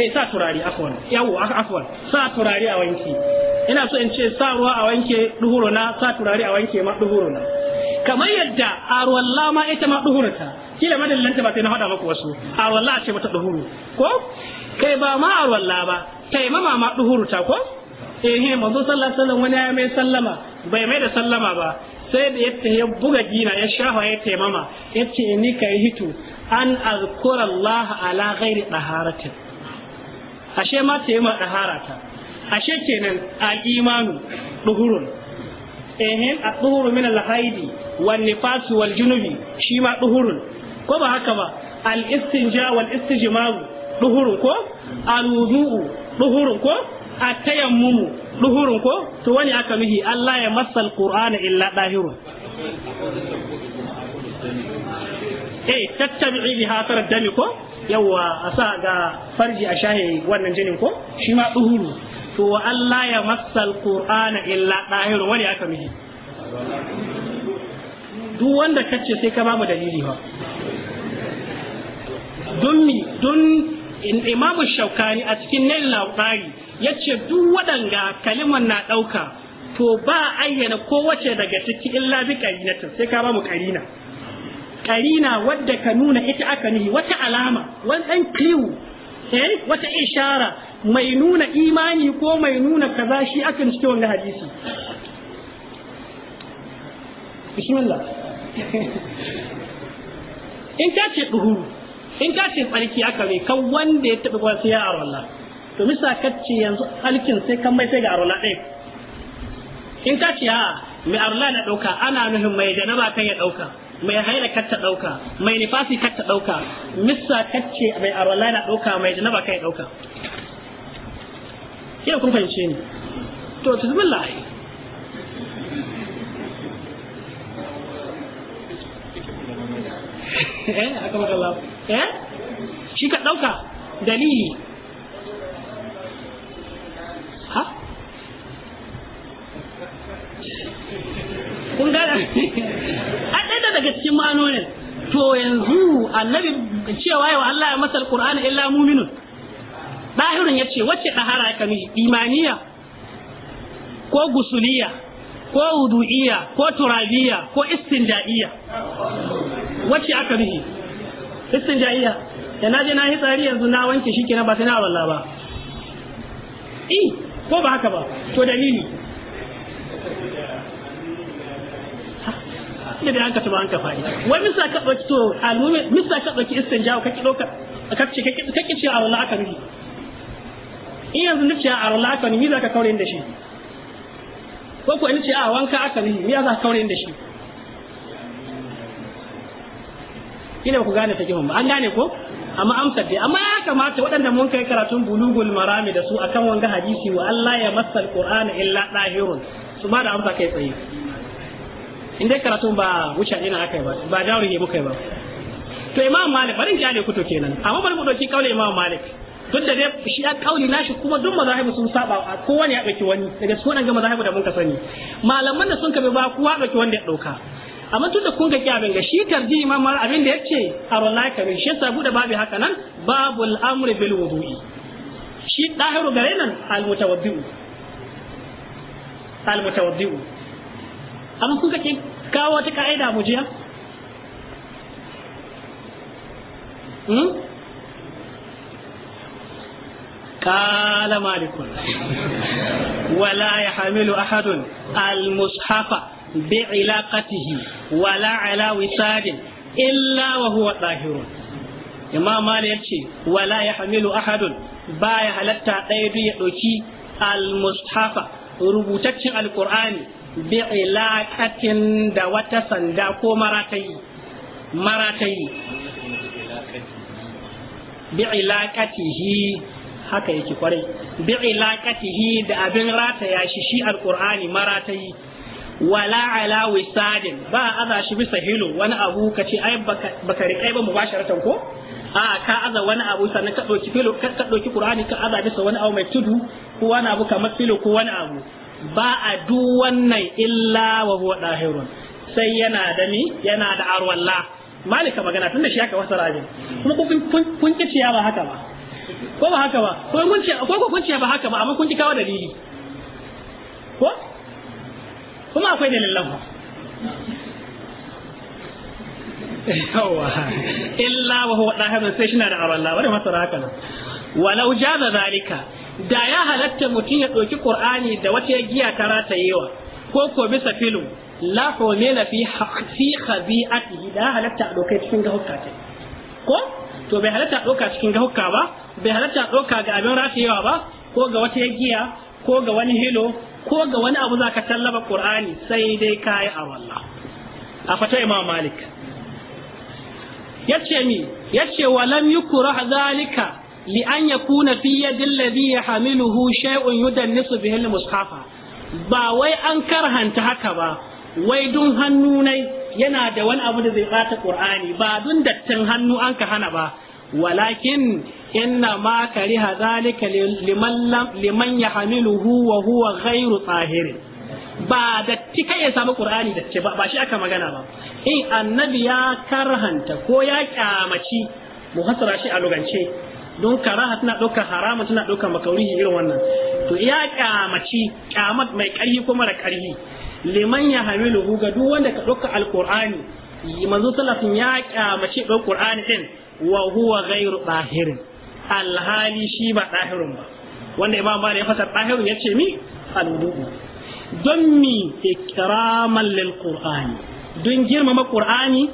eh sa turare afwan yawo afwan sa turare a wanke. ina so in ce sa ruwa a wanke duhuro na sa turare a wanke ma duhuro na kamar yadda arwalla ma ita ma ta, kila madallanta ba sai na faɗa maku wasu arwalla ce mata duhuru ko kai ba ma la ba Kai ma ma ta ko eh manzo sallallahu alaihi wasallam wani ya mai sallama bai mai da sallama ba sai da yadda ya buga gina ya shafa ya taimama ya ce ni ka yi hito an azkura Allah ala ghairi daharatin ashe ma taimama daharata ashe kenan a imanu duhurun ehin a duhuru min al-haidi wal nifas wal junubi shi ma duhurun ko ba haka ba al-istinja wal istijmaru duhurun ko al-wudu'u duhurun ko a tayammumu duhurun ko to wani aka mihi Allah ya masal qur'ana illa dahiru. eh tattabi'i bi hasar dami ko yawa a sa ga farji a shahe wannan jinin ko shi ma duhuru to wa Allah ya masal qur'ana illa dahiru wani aka mihi. duk wanda kace sai ka bamu dalili ba don mi imamu shaukani a cikin nail lautari ya ce duk waɗanga kaliman na ɗauka to ba ayyana kowace daga ciki illa bi karinatin sai ka ba mu karina karina wadda ka nuna ita aka nihi wata alama wani ɗan clue eh wata ishara mai nuna imani ko mai nuna kaza shi akan cikin wannan hadisi bismillah (laughs) in ka ce duhuru in ka ce tsarki aka mai kan wanda ya taɓa kwasu ya arola, to misa kacce yanzu alkin sai kan mai sai ga arola ɗaya in ka ce a mai arola na ɗauka ana nufin mai da ba kan ya ɗauka mai haila kar ta ɗauka mai nifasi kar ta ɗauka misa kacce mai arola na ɗauka mai da ba kan ya ɗauka kina kun fahimce ni to bismillah (laughs) eh aku makan Allah eh shi ka ɗauka dalili ha kun gada a ɗaya daga cikin ma'anonin to yanzu annabi cewa yau Allah ya masa alƙur'ani illa muminun ɗahirin ya ce wacce ɗahara ka mi imaniya ko gusuliya ko wudu'iya ko turabiya ko istinja'iya wacce aka mihi istinja'iya da na je na yi tsari yanzu na wanke shi kenan ba sai na walla ba i ko ba haka ba to dalili da da aka tuba an ka fadi wai misa ka dauki to almumi misa ka dauki istinja'u ka ki dauka ka ce ka a walla aka rubi in yanzu nace a walla aka ni za ka kaure da shi ko ko ni ce a wanka aka rubi mi za ka kaure da shi kila ku gane fiqhun ba an gane ko amma amsar dai amma ya kamata waɗanda mun kai karatun bulugul marami da su akan wanga hadisi wa Allah ya masal qur'ana illa dahirun su ma da amsa kai tsaye in dai karatun ba wuce ina akai ba ba jawri muka ba to imam malik barin kyale kuto kenan amma bari mu dauki kaulin imam malik duk da dai shi ya kauli nashi kuma duk mazahibu sun saba kowane ya dauki wani daga su wadanga mazahibu da mun ka sani malaman da sun kabe ba kowa dauki wanda ya dauka amma tunda kun ga kyamin ga shi tarji imam malik abin da yace arullahi kabir shi yasa bude babu haka nan babu babul amri bil wudu'i shi dahiru gare nan al mutawaddi'u al mutawaddi'u amma kun ga kawo ta ka'ida mu jiya قال مالك ولا يحمل أحد المصحف بعلاقته ولا على وساد إلا وهو طاهر إمام مالك يتشي ولا يحمل أحد باي هلتا أيدي يدوكي المصحف ربوتك القرآن بعلاقة دوات صنداكو مراتي مراتي بعلاقته haka yake kwarai bi ilaqatihi da abin rataya shi shi alqur'ani maratayi wala ala wisadin ba aza shi bisa hilo wani abu ka ce ai baka rikai ba mubasharatan ko a ka aza wani abu sannan ka ɗauki filo ka ɗauki qur'ani ka aza bisa wani abu mai tudu ko wani abu kamar filo ko wani abu ba a du wannan illa wa huwa dahirun sai yana da ni yana da arwalla malika magana tunda shi aka wasara abin kuma kun kun ciya ba haka ba ko ba haka ba ko kun ciya ko kun ciya ba haka ba amma kun ki kawo dalili ko kuma akwai dalilan ba yawa illa wa huwa dahirun sai shi da aron labarin masara haka nan walau jaza zalika da ya halatta mutum ya ɗauki qur'ani da wata giya ta ratayewa ko ko bisa filu la humila fi fi khabi'atihi da halatta a ɗaukai cikin gahukka ce ko to bai halatta a ɗauka cikin gahukka ba bai halatta a ɗauka ga abin ratayewa ba ko ga wata giya ko ga wani hilo ko ga wani abu zaka tallaba Kur'ani, sai dai kai a wallah a fata imam malik yace mi yace wa lam yukrah zalika li an yakuna fi yadi alladhi yahmiluhu shay'un yudannisu bihi al-mushafa ba wai an karhanta haka ba wai dun hannu yana da wani abu da zai bata qur'ani ba dun dattin hannu an ka hana ba walakin inna ma kariha zalika liman yahmiluhu wa huwa ghairu tahir ba datti tika ya samu qur'ani da ce ba shi aka magana ba in annabi ya karhanta ko ya kyamaci muhassara shi a lugance don karaha tana ɗauka harama tana ɗauka makaurihi irin wannan to ya kyamaci kyamat mai ƙarfi ko mara ƙarfi liman ya hamiluhu ga duk wanda ka ɗauka alƙur'ani manzo sallallahu ya kyamace ɗan ƙur'ani ɗin wa huwa ghairu dahirin alhali shi ba ɗahirin ba wanda imam malik ya fasar ya ce mi alwudu don mi ikraman lil ƙur'ani, don girmama ƙur'ani,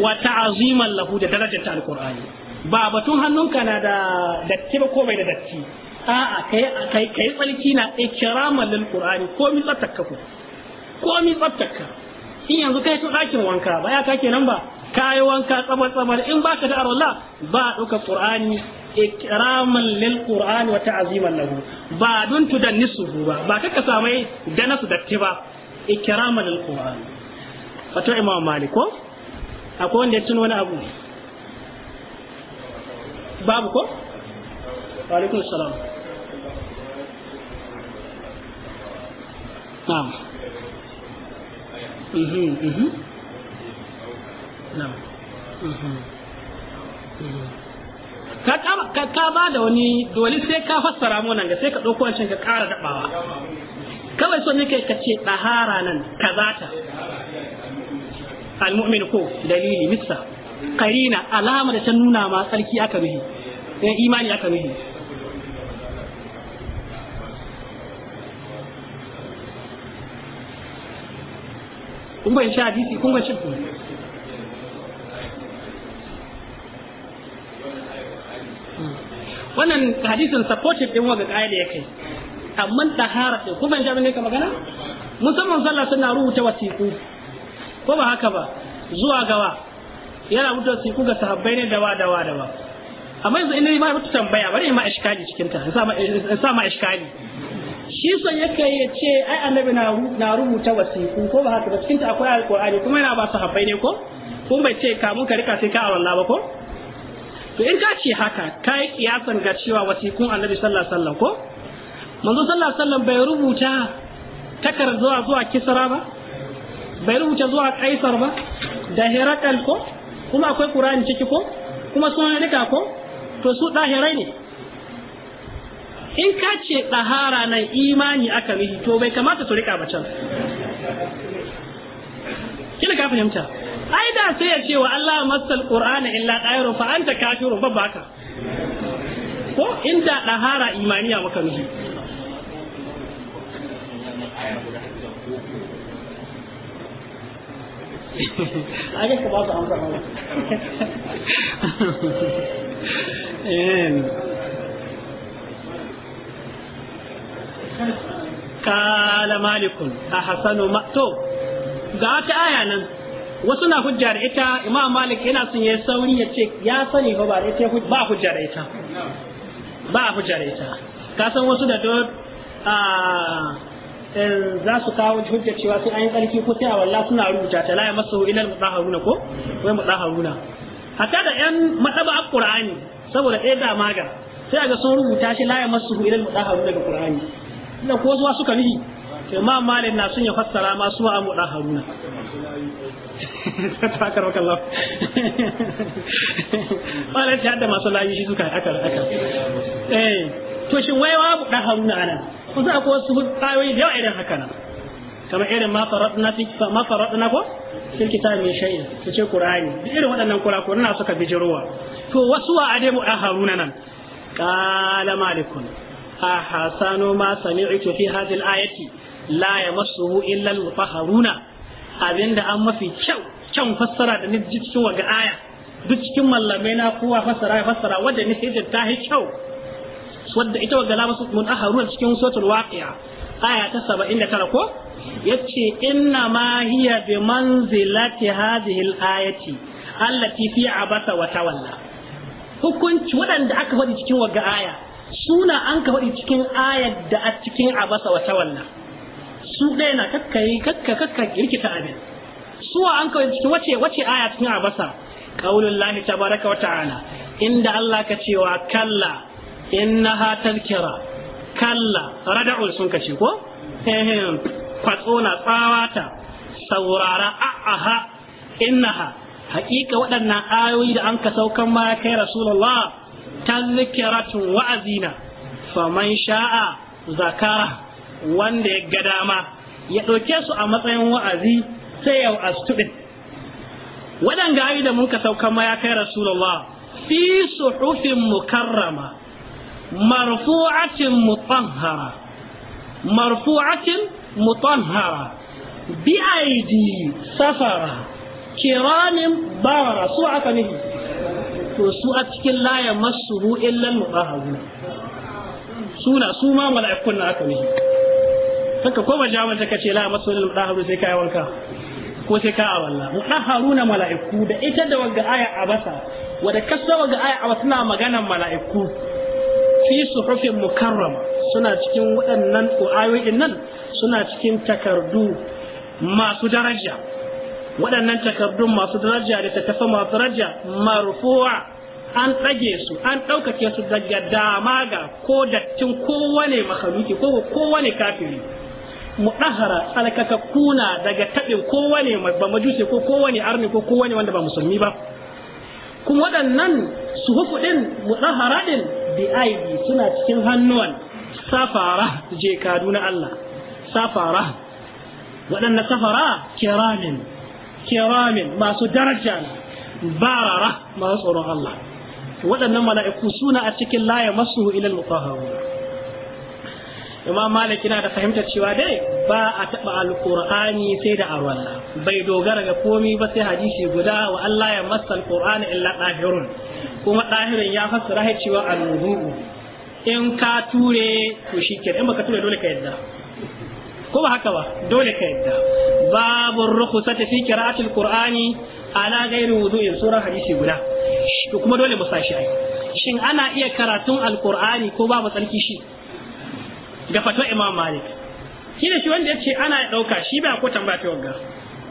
wa ta'ziman lahu da darajar alqur'ani ba batun hannunka na da datti ba ko bai da datti a'a kai kai kai tsalki na ikraman lil ƙur'ani ko mi tsattakka ko mi tsattakka in yanzu kai su ɗakin wanka ba ya kake nan ba kayi wanka tsabar tsabar in baka da arwalla ba ɗauka qur'ani ikraman lil qur'ani wa ta'ziman lahu ba dun tudannisuhu ba ba kaka samai da nasu datti ba ikraman lil qur'ani wato imam malik ko akwai wanda ya tuna wani abu babu ko wa alaikum salam na'am ka ba da wani dole sai ka fassara mu ga sai ka ɗauko wancan ka ƙara daɓawa kawai so nake ka ce ɗahara nan ta al-mu'min ko dalili missa karina alama da ta nuna ma tsarki aka nuhi eh, imani aka nuhi kun bai shi hadisi kun ga shi wannan hadisin supportive din waga da ya kai amma tahara ce kuma jami'in ne ka magana musamman sallah suna rubuta wasiku ko ba haka ba zuwa gawa yana rubuta wasiku ga sahabbai ne dawa dawa dawa amma yanzu ina ma rubuta tambaya bari ma iskali cikinta, in sa ma iskali shi son yake ya ce ai annabi na rubuta wasiku ko ba haka ba cikin ta akwai alqur'ani kuma yana ba su habbai ne ko kuma bai ce kamun ka rika sai ka Allah ba ko to in ka ce haka kai kiyasan ga cewa wasikun annabi sallallahu alaihi wasallam ko manzo sallallahu alaihi wasallam bai rubuta takar zuwa zuwa kisra ba bai rubuta zuwa kaisar ba da herakal ko kuma akwai qur'ani ciki ko kuma sun rika ko to su dahirai ne in ka ce ɗahara nan imani aka mihi to bai kamata su rika ba can kina ka fahimta ai da sai ya ce wa Allah masal qur'ana illa qayrun fa anta kafirun babba haka ko inda ɗahara ya maka mihi (laughs) ai ba su amsa (laughs) kala malikun a hasanu ma to ga wata aya nan wasu na hujja da ita imam malik yana son ya sauri ya ce ya sani ba ba ita ba hujja da ita ba hujja da ita ka san wasu da do a eh, za su kawo hujja cewa sai an yi tsarki ko sai a walla suna rubuta ta laye masu ilal mutaharuna ko wai mutaharuna hatta da yan madaba alqur'ani saboda ɗaya da maga sai ga sun rubuta shi laye masu ilal mutaharuna daga qur'ani ina ko zuwa suka nihi imam malik na sun ya fassara ma su a da haruna (laughs) takar maka Allah (laughs) malik ya da masu layi shi suka aka aka eh to shin wai wa da haruna nan? ko za ko su tayoyi da yawa irin haka nan Kama irin ma faradna na ko fil kitab min shay'in to ce qur'ani duk irin waɗannan kurakuran na suka bijirowa to wasu wa ademu da haruna nan qala malikun ahsanu ma sami'tu fi hadhihi al-ayati la yamassuhu illa al-mutahharuna abinda an mafi kyau kyan fassara da ni cikin waga aya duk cikin mallamai na kowa fassara ya fassara wadda ni hijjar ta yi kyau wadda ita waga lamu mun aharuna cikin suratul waqi'a aya ta 79 ko yace inna ma hiya bi manzilati hadhihi al-ayati allati fi abasa wa tawalla hukunci waɗanda aka faɗi cikin waga aya suna an ka faɗi cikin ayar da a cikin abasa wata wannan su ɗaya na kakkayi kakka kakka rikita abin suwa an ka cikin wace wace aya cikin abasa qaulul lahi tabaraka wa ta'ala inda Allah ka cewa kalla innaha kira kalla rada'ul sun kace ko eh kwatso na tsawata saurara a'aha innaha haƙiƙa waɗannan ayoyi da an ka saukan ma kai rasulullah tazkiratun wa'azina faman sha'a zakara wanda ya ga dama ya ɗauke su a matsayin wa'azi sai yau astubin waɗanga ayi da muka sauka ma ya kai rasulullah fi suhufin mukarrama marfu'atin mutahhara marfu'atin mutahhara bi aidi safara kiranin bara su aka to su a cikin layan laya masuhu illal mudahharun suna su ma mala'ikun na aka mishi saka ko bajawa ta kace la masuhu illal mudahharun sai kai wanka ko sai ka awalla mudahharuna mala'iku da ita da wagga aya abasa wanda kasa wagga aya abasa na maganan mala'iku fi suhufin mukarrama suna cikin waɗannan ayoyin nan suna cikin takardu masu daraja waɗannan takardun masu daraja da tattafa masu daraja marfu'a an ɗage su an ɗaukake su daga dama ga ko dattin kowane makaluki ko kowane kafiri muɗahara tsarkaka kuna daga taɓin kowane ba majuse ko kowane arni ko kowane wanda ba musulmi ba kuma waɗannan suhufu ɗin muɗahara ɗin bi suna cikin hannuwan safara je kaduna Allah safara waɗannan safara kiramin kiramin masu daraja barara masu tsoron Allah waɗannan mala'iku suna a cikin laye masu ilal mutahharu imam malik yana da fahimtar cewa dai ba a taɓa alƙur'ani sai da arwalla bai dogara ga komi ba sai hadisi guda wa Allah ya masa alƙur'ani illa ɗahirun kuma ɗahirin ya fassara cewa annubu in ka ture to shi in baka ture dole ka yadda ko ba haka ba dole ka yadda babu rukhsati fi qira'atil qur'ani ala ghairi wudu'in sura hadisi guda kuma dole mu sashi ai shin ana iya karatun alqur'ani ko babu tsarki shi ga fatwa imam malik shine shi wanda yace ana dauka shi ba ko tambaya ta wagga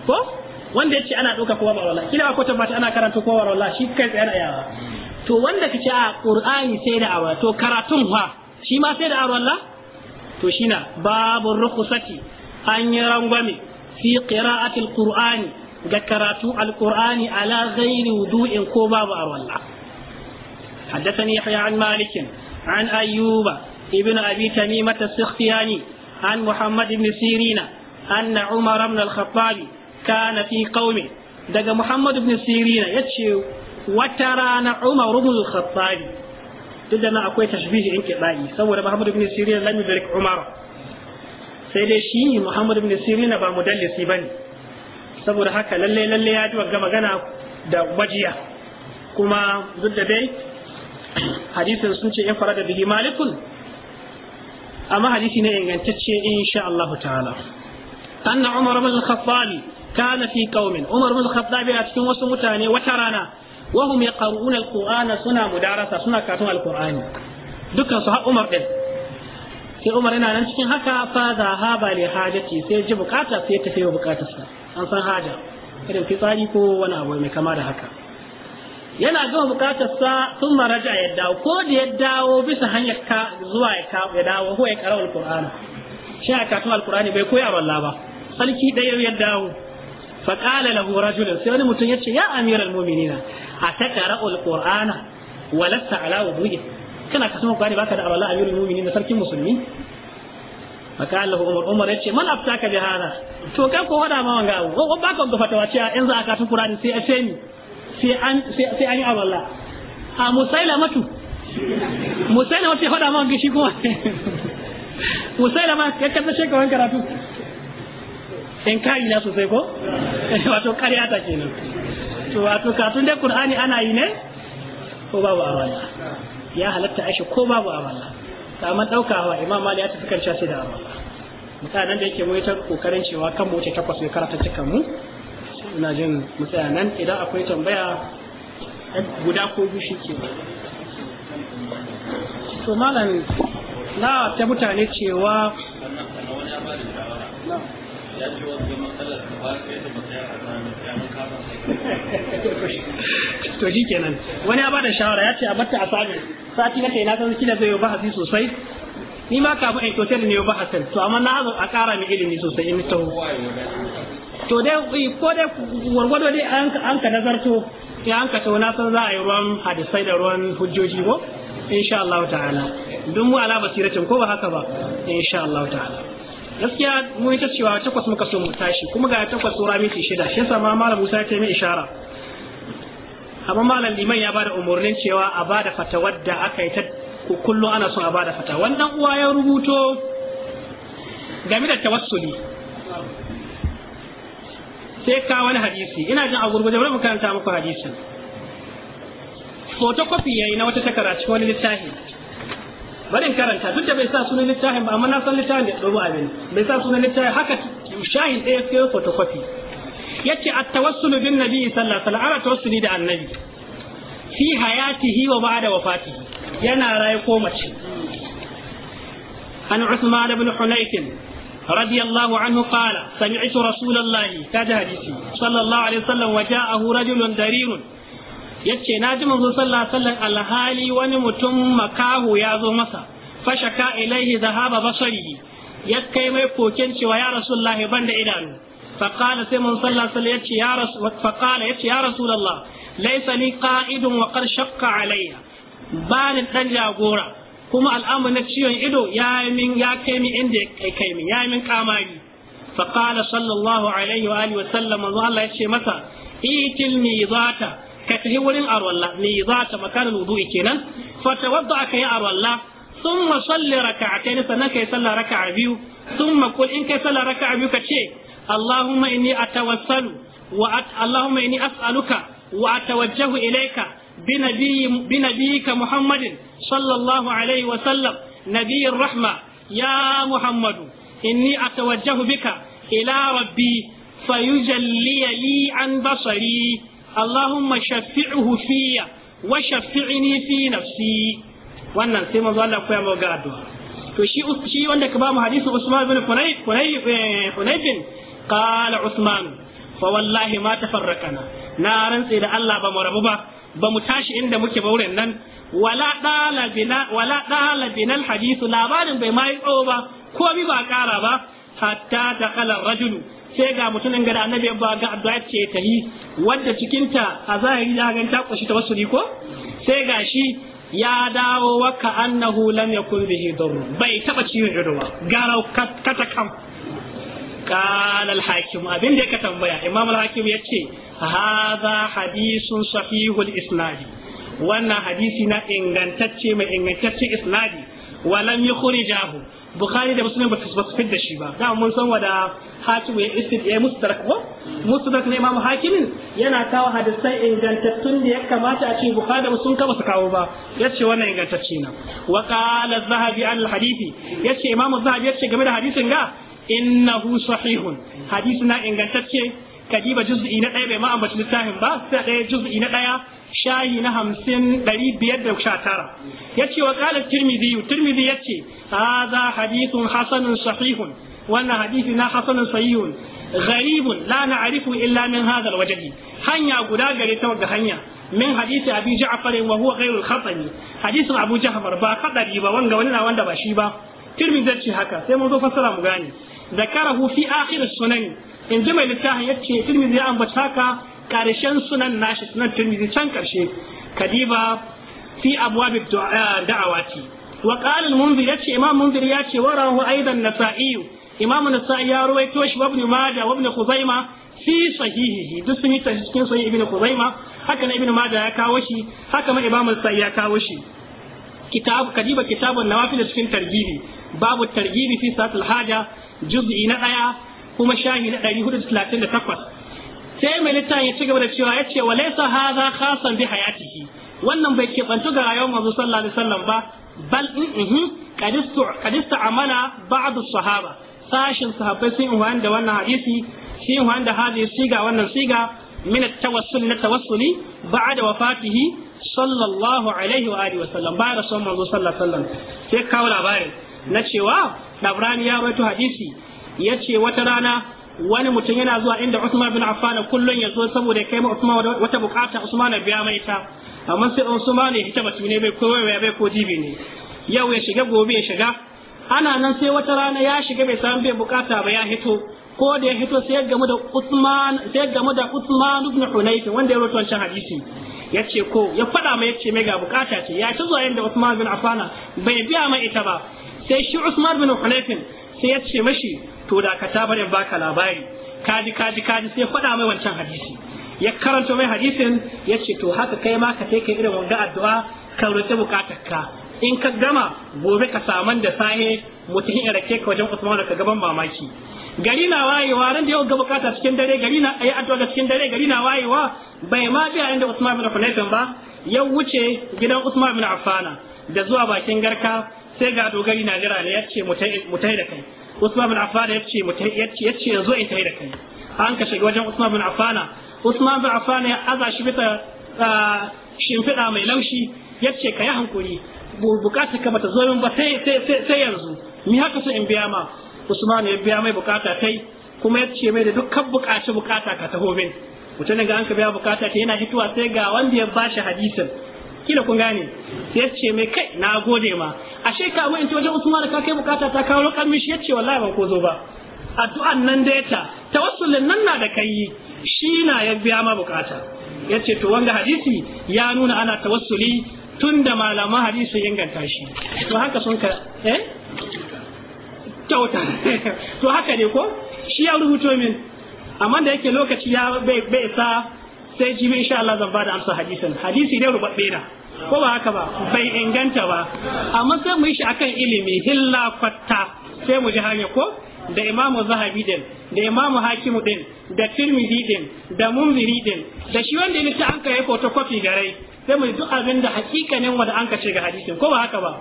ko wanda yace ana dauka ko ba wallahi kila ko tambaya ana karatu ko wallahi shi kai tsaya ayawa to wanda kace a qur'ani sai da awa to karatun fa shi ma sai da awa wallahi to shina babu rukhsati an yi rangwame fi qira'atil qur'ani ga karatu alqur'ani ala ghairi wudu'in ko babu arwalla حدثني يحيى عن مالك عن أيوب ابن أبي تميمة السختياني عن محمد بن سيرين أن عمر بن الخطاب كان في قومه دق محمد بن سيرين يتشي وترانا عمر بن الخطاب duk da nan akwai tashbihi in kiɗa'i saboda Muhammad ibn Sirin lam yudrik Umar sai dai shi Muhammadu ibn Sirin ba mudallisi bane saboda haka lalle lalle ya ji wagga magana da wajiya kuma duk da dai hadisin sun ce in farada bihi malikun amma hadisi ne ingantacce insha Allah ta'ala anna Umar ibn al-Khattab kana fi qaumin Umar ibn al-Khattab a cikin wasu mutane wata rana wahum yaqra'una alqur'ana suna mudarasa suna karatun alqur'ani dukkan su har Umar din sai Umar yana nan cikin haka fa zahaba li hajati sai ji bukata sai tafi wa bukatarsa an san haja irin fitsari ko wani abu mai kama da haka yana gama bukatarsa sun a ya dawo ko da ya dawo bisa hanyar ka zuwa ya dawo ko ya karawa alqur'ana shi a karatun alqur'ani bai koya balla ba sarki ɗaya ya dawo faƙala sai wani mutum ya ce ya amiral mu'minina a takara'ul qur'ana wa lasta ala wa wudu'in kana kasan qur'ani baka da abala amirul mu'minin na sarkin musulmi maka Allah Umar Umar yace man aftaka bi hada to kai ko hada ma wanga ko baka ga fatawa ce in za a kasu qur'ani sai a ce sai an sai an yi abala a musailamatu musailamatu ya hada ma wanga shi kuma musailama ya kaddashe ka wani karatu in kari na sosai ko wato kariya ta kenan to wato katun da qur'ani ana yi ne ko babu amana ya halatta aisha ko babu arwala amma daukawa imam mali ya tafi kan sai da arwala mutanen da yake mu ta kokarin cewa kan mu ce takwas ne karata cikan mu ina jin mutanen nan idan akwai tambaya guda ko biyu ke to malam na ta mutane cewa to shi kenan wani ya bada shawara ya ce a batta a tsanin sati na kai na san kila zai yi hasi sosai ni ma kafin in kyautar ne ba hasan to amma na hazo a kara mai ilimi sosai in taho to dai ko dai wargwado dai an ka nazarto ya an ka tauna san za a yi ruwan hadisai da ruwan hujjoji ko insha Allah ta'ala dun mu ala basiratin ko ba haka ba insha Allah ta'ala gaskiya mu ita cewa takwas muka so mu tashi kuma ga takwas sura minti shida shi yasa ma malam Musa ya yi ishara amma malam liman ya bada umurnin cewa a bada fatawar da aka yi ta kullum ana son a bada fata wannan uwa ya rubuto game da tawassuli sai ka wani hadisi ina jin a gurguje bari mu karanta muku hadisin fotokofi yayi na wata takara cikin wani littafi barin karanta duk da bai sa sunan littafin ba amma na san littafin ne dogo abin bai sa sunan littafin haka shahin ɗaya sai photocopy yace at-tawassul bin nabi sallallahu alaihi wasallam ana tawassuli da annabi fi hayatihi wa ba'da wafatihi yana raye ko mace an Usman ibn Hunayf رضي الله عنه قال سمعت رسول الله كذا حديثي صلى الله عليه وسلم وجاءه رجل درير yace na ji manzo sallallahu alaihi wasallam alhali wani mutum makahu ya zo masa fashaka ilaihi zahaba basari ya kai mai koken cewa ya rasulullahi banda idanu faqala sai mun sallallahu alaihi wasallam yace ya rasul faqala yace ya rasulullah laysa li qa'idun wa qad shaqqa alayya bani dan jagora kuma al'amu na ciwon ido ya min ya kai min inda ya kai min ya min kamari faqala sallallahu alaihi wa alihi wasallam manzo Allah ce masa itil mizata ka tafi wurin arwalla ne za ta makanin wudu'i kenan fa tawadda aka yi arwalla thumma salli raka'atayn sannan kai sallah raka'a biyu thumma kul in kai sallah raka'a biyu ka ce allahumma inni atawassalu wa allahumma inni as'aluka wa atawajjahu ilayka بنبي بنبيك محمد صلى الله عليه وسلم نبي الرحمة يا محمد إني أتوجه بك إلى ربي فيجلي لي عن بصري Allahuma shafi'uhu fiyya wa shafi'ni fi nafsi wannan sai manzo Allah koya mu ga addu'a to shi shi wanda ka ba mu hadisin Usman bin Hunayf Hunayf eh, bin qala Usman fa wallahi ma tafarraqana na rantse da Allah ba mu rabu ba ba mu tashi inda muke ba nan wala dalabina wala dalabina labarin bai mai tsawo ba ko ba kara ba hatta da rajulu sai ga mutumin gada annabi ba ga addu'a ce ta yi wanda cikin ta a zahiri da ga ta kushi tawassuli ko sai ga shi ya dawo wa ka annahu lam yakun bihi darr bai taba ciwon ido ba garau katakam قال الحاكم أبين ديك تنبيا إمام الحاكم يتشي هذا حديث صحيح wannan وأن حديثنا إن تتشي ما إن تتشي إسنادي ولم يخرجاه bukhari da muslim ba su fi da shi ba da mun san wada hakimu ya istid ya mustarak ba mustarak ne imamu hakimin yana kawo hadisai ingantattun da ya kamata a ce bukhari da muslim ka su kawo ba yace wannan ingantacce na wa qala zahabi al-hadithi yace imamu zahabi ce game da hadisin ga innahu sahihun hadisi na ingantacce kadiba juz'i na ɗaya bai ma ambaci littafin ba sai ɗaya juz'i na ɗaya shahi na hamsin ɗari biyar da sha tara ya ce wa ƙalar tirmidhi tirmidhi ya ce haza hadithun hasanun sahihun wannan hadisi na hasanun sahihun gharibun la na'rifu illa min hadha alwajhi hanya guda gare ta ga hanya min hadisi abi ja'far wa huwa ghayrul khatami hadisin abu ja'far ba kadari ba wanga wani na wanda ba shi ba tirmidhi ya ce haka sai mun zo fassara mu gane ذكره في آخر السنن in ji mai littafin ya ce tirmidhi ya ambata haka karshen sunan nashi sunan tirmidhi can karshe kadiba fi abwab ah, da'awati wa qala al-munzir yace imam munzir yace wa rahu aidan nasa'i imam nasa'i ya ruwaito shi wa ibn majah wa ibn khuzaima fi sahihihi duk sun yi ta cikin sahih ibn khuzaima haka na ibn majah ya kawo shi haka ma imam nasa'i ya kawo shi kitab kadiba kitabun nawafil cikin targibi babu targibi fi salatul haja juz'i na daya kuma shahi na 438 sai mai littafin ya ci gaba da cewa ya ce walaisa hadha khasan bi hayatihi wannan bai ke bantu ga rayuwar manzo sallallahu alaihi wasallam ba bal in mm-hmm, kadistu kadistu amala ba'd sahaba sashin sahabbai sun wani da wannan hadisi shi wani da hadisi siga wannan siga min at-tawassul na tawassuli ba'da wafatihi sallallahu alaihi wa alihi wasallam ba da son manzo sallallahu alaihi wasallam sai kawo labarin na cewa Dabrani ya rawaito hadisi yace wata rana wani mutum yana zuwa inda Usman bin Affan kullun ya zo saboda kai ma Usman wata bukata Usman ya biya mai ta amma sai Usman ya fita batu ne bai koyarwa bai ko dibi ne yau ya shiga gobe ya shiga ana nan sai wata rana ya shiga bai san bai bukata ba ya hito ko da ya hito sai ya gamu da Usman sai ya gamu da Usman ibn Hunayf wanda ya rawaito wancan hadisi ya ce ko ya faɗa mai ya mai ga bukata ce ya ci zuwa inda Usman bin Affan bai biya mai ita ba sai shi Usman bin Hunayf sai ya ce mashi to da ka tabar in baka labari kaji kaji kaji sai faɗa mai wancan hadisi ya karanta mai hadisin ya ce to haka kai ma ka kai irin wanga addu'a ka roƙi ka, in ka gama gobe ka saman da sahe mutum ya rake ka wajen Usman ka gaban mamaki gari na wayewa ran da yau ga bukata cikin dare gari na ayi addu'a cikin dare gari na wayewa bai ma bi inda Usman bin Affan ba ya wuce gidan Usman bin Affana da zuwa bakin garka sai ga dogari na jira ne ya ce mutai da kai Usman bin Affan ya ce ya ce yanzu in tayi da kai an ka shiga wajen Usman bin Affan Usman bin Affan ya aza shi bita shimfiɗa mai laushi ya ce ka yi hankuri bukatar ka bata zo min ba sai yanzu ni haka so in biya ma Usman ya biya mai bukata tai kuma ya ce mai da dukkan bukaci bukata ka taho min mutumin ga an ka biya bukata ta yana hituwa sai ga wanda ya bashi hadisin kila kun gane ya ce mai kai na gode ma ashe ka mai in wajen usman ka kai bukata ta kawo rokan mishi ya ce wallahi ban kozo ba addu'an nan da yata tawassulin nan na da kai shi na ya biya ma bukata ya ce to wanga hadisi ya nuna ana tawassuli tun da malaman hadisi inganta shi to haka sun ka eh (laughs) to haka ne ko shi ya rubuto min amma da yake lokaci ya bai sa sai jibi insha Allah zan bada amsa hadisin hadisi dai rubabbe na ko ba haka ba bai inganta ba amma sai mu yi shi akan ilimi hilla fatta sai mu ji hanya ko da imamu zahabi din da imamu hakimu din da tirmidhi din da munziri din da shi wanda yake ta an kai photocopy garai sai mu duk abin da hakikanin wanda an kace ce ga hadisin ko ba haka ba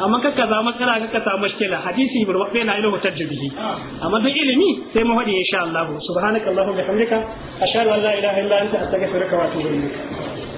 amma ka kaza makara ka ka samu mushkila hadisi bar wa bayna ilahu tajbihi amma duk ilimi sai mu hadi insha Allah subhanakallahumma wa bihamdika ashhadu an la ilaha illa anta astaghfiruka wa atubu ilaik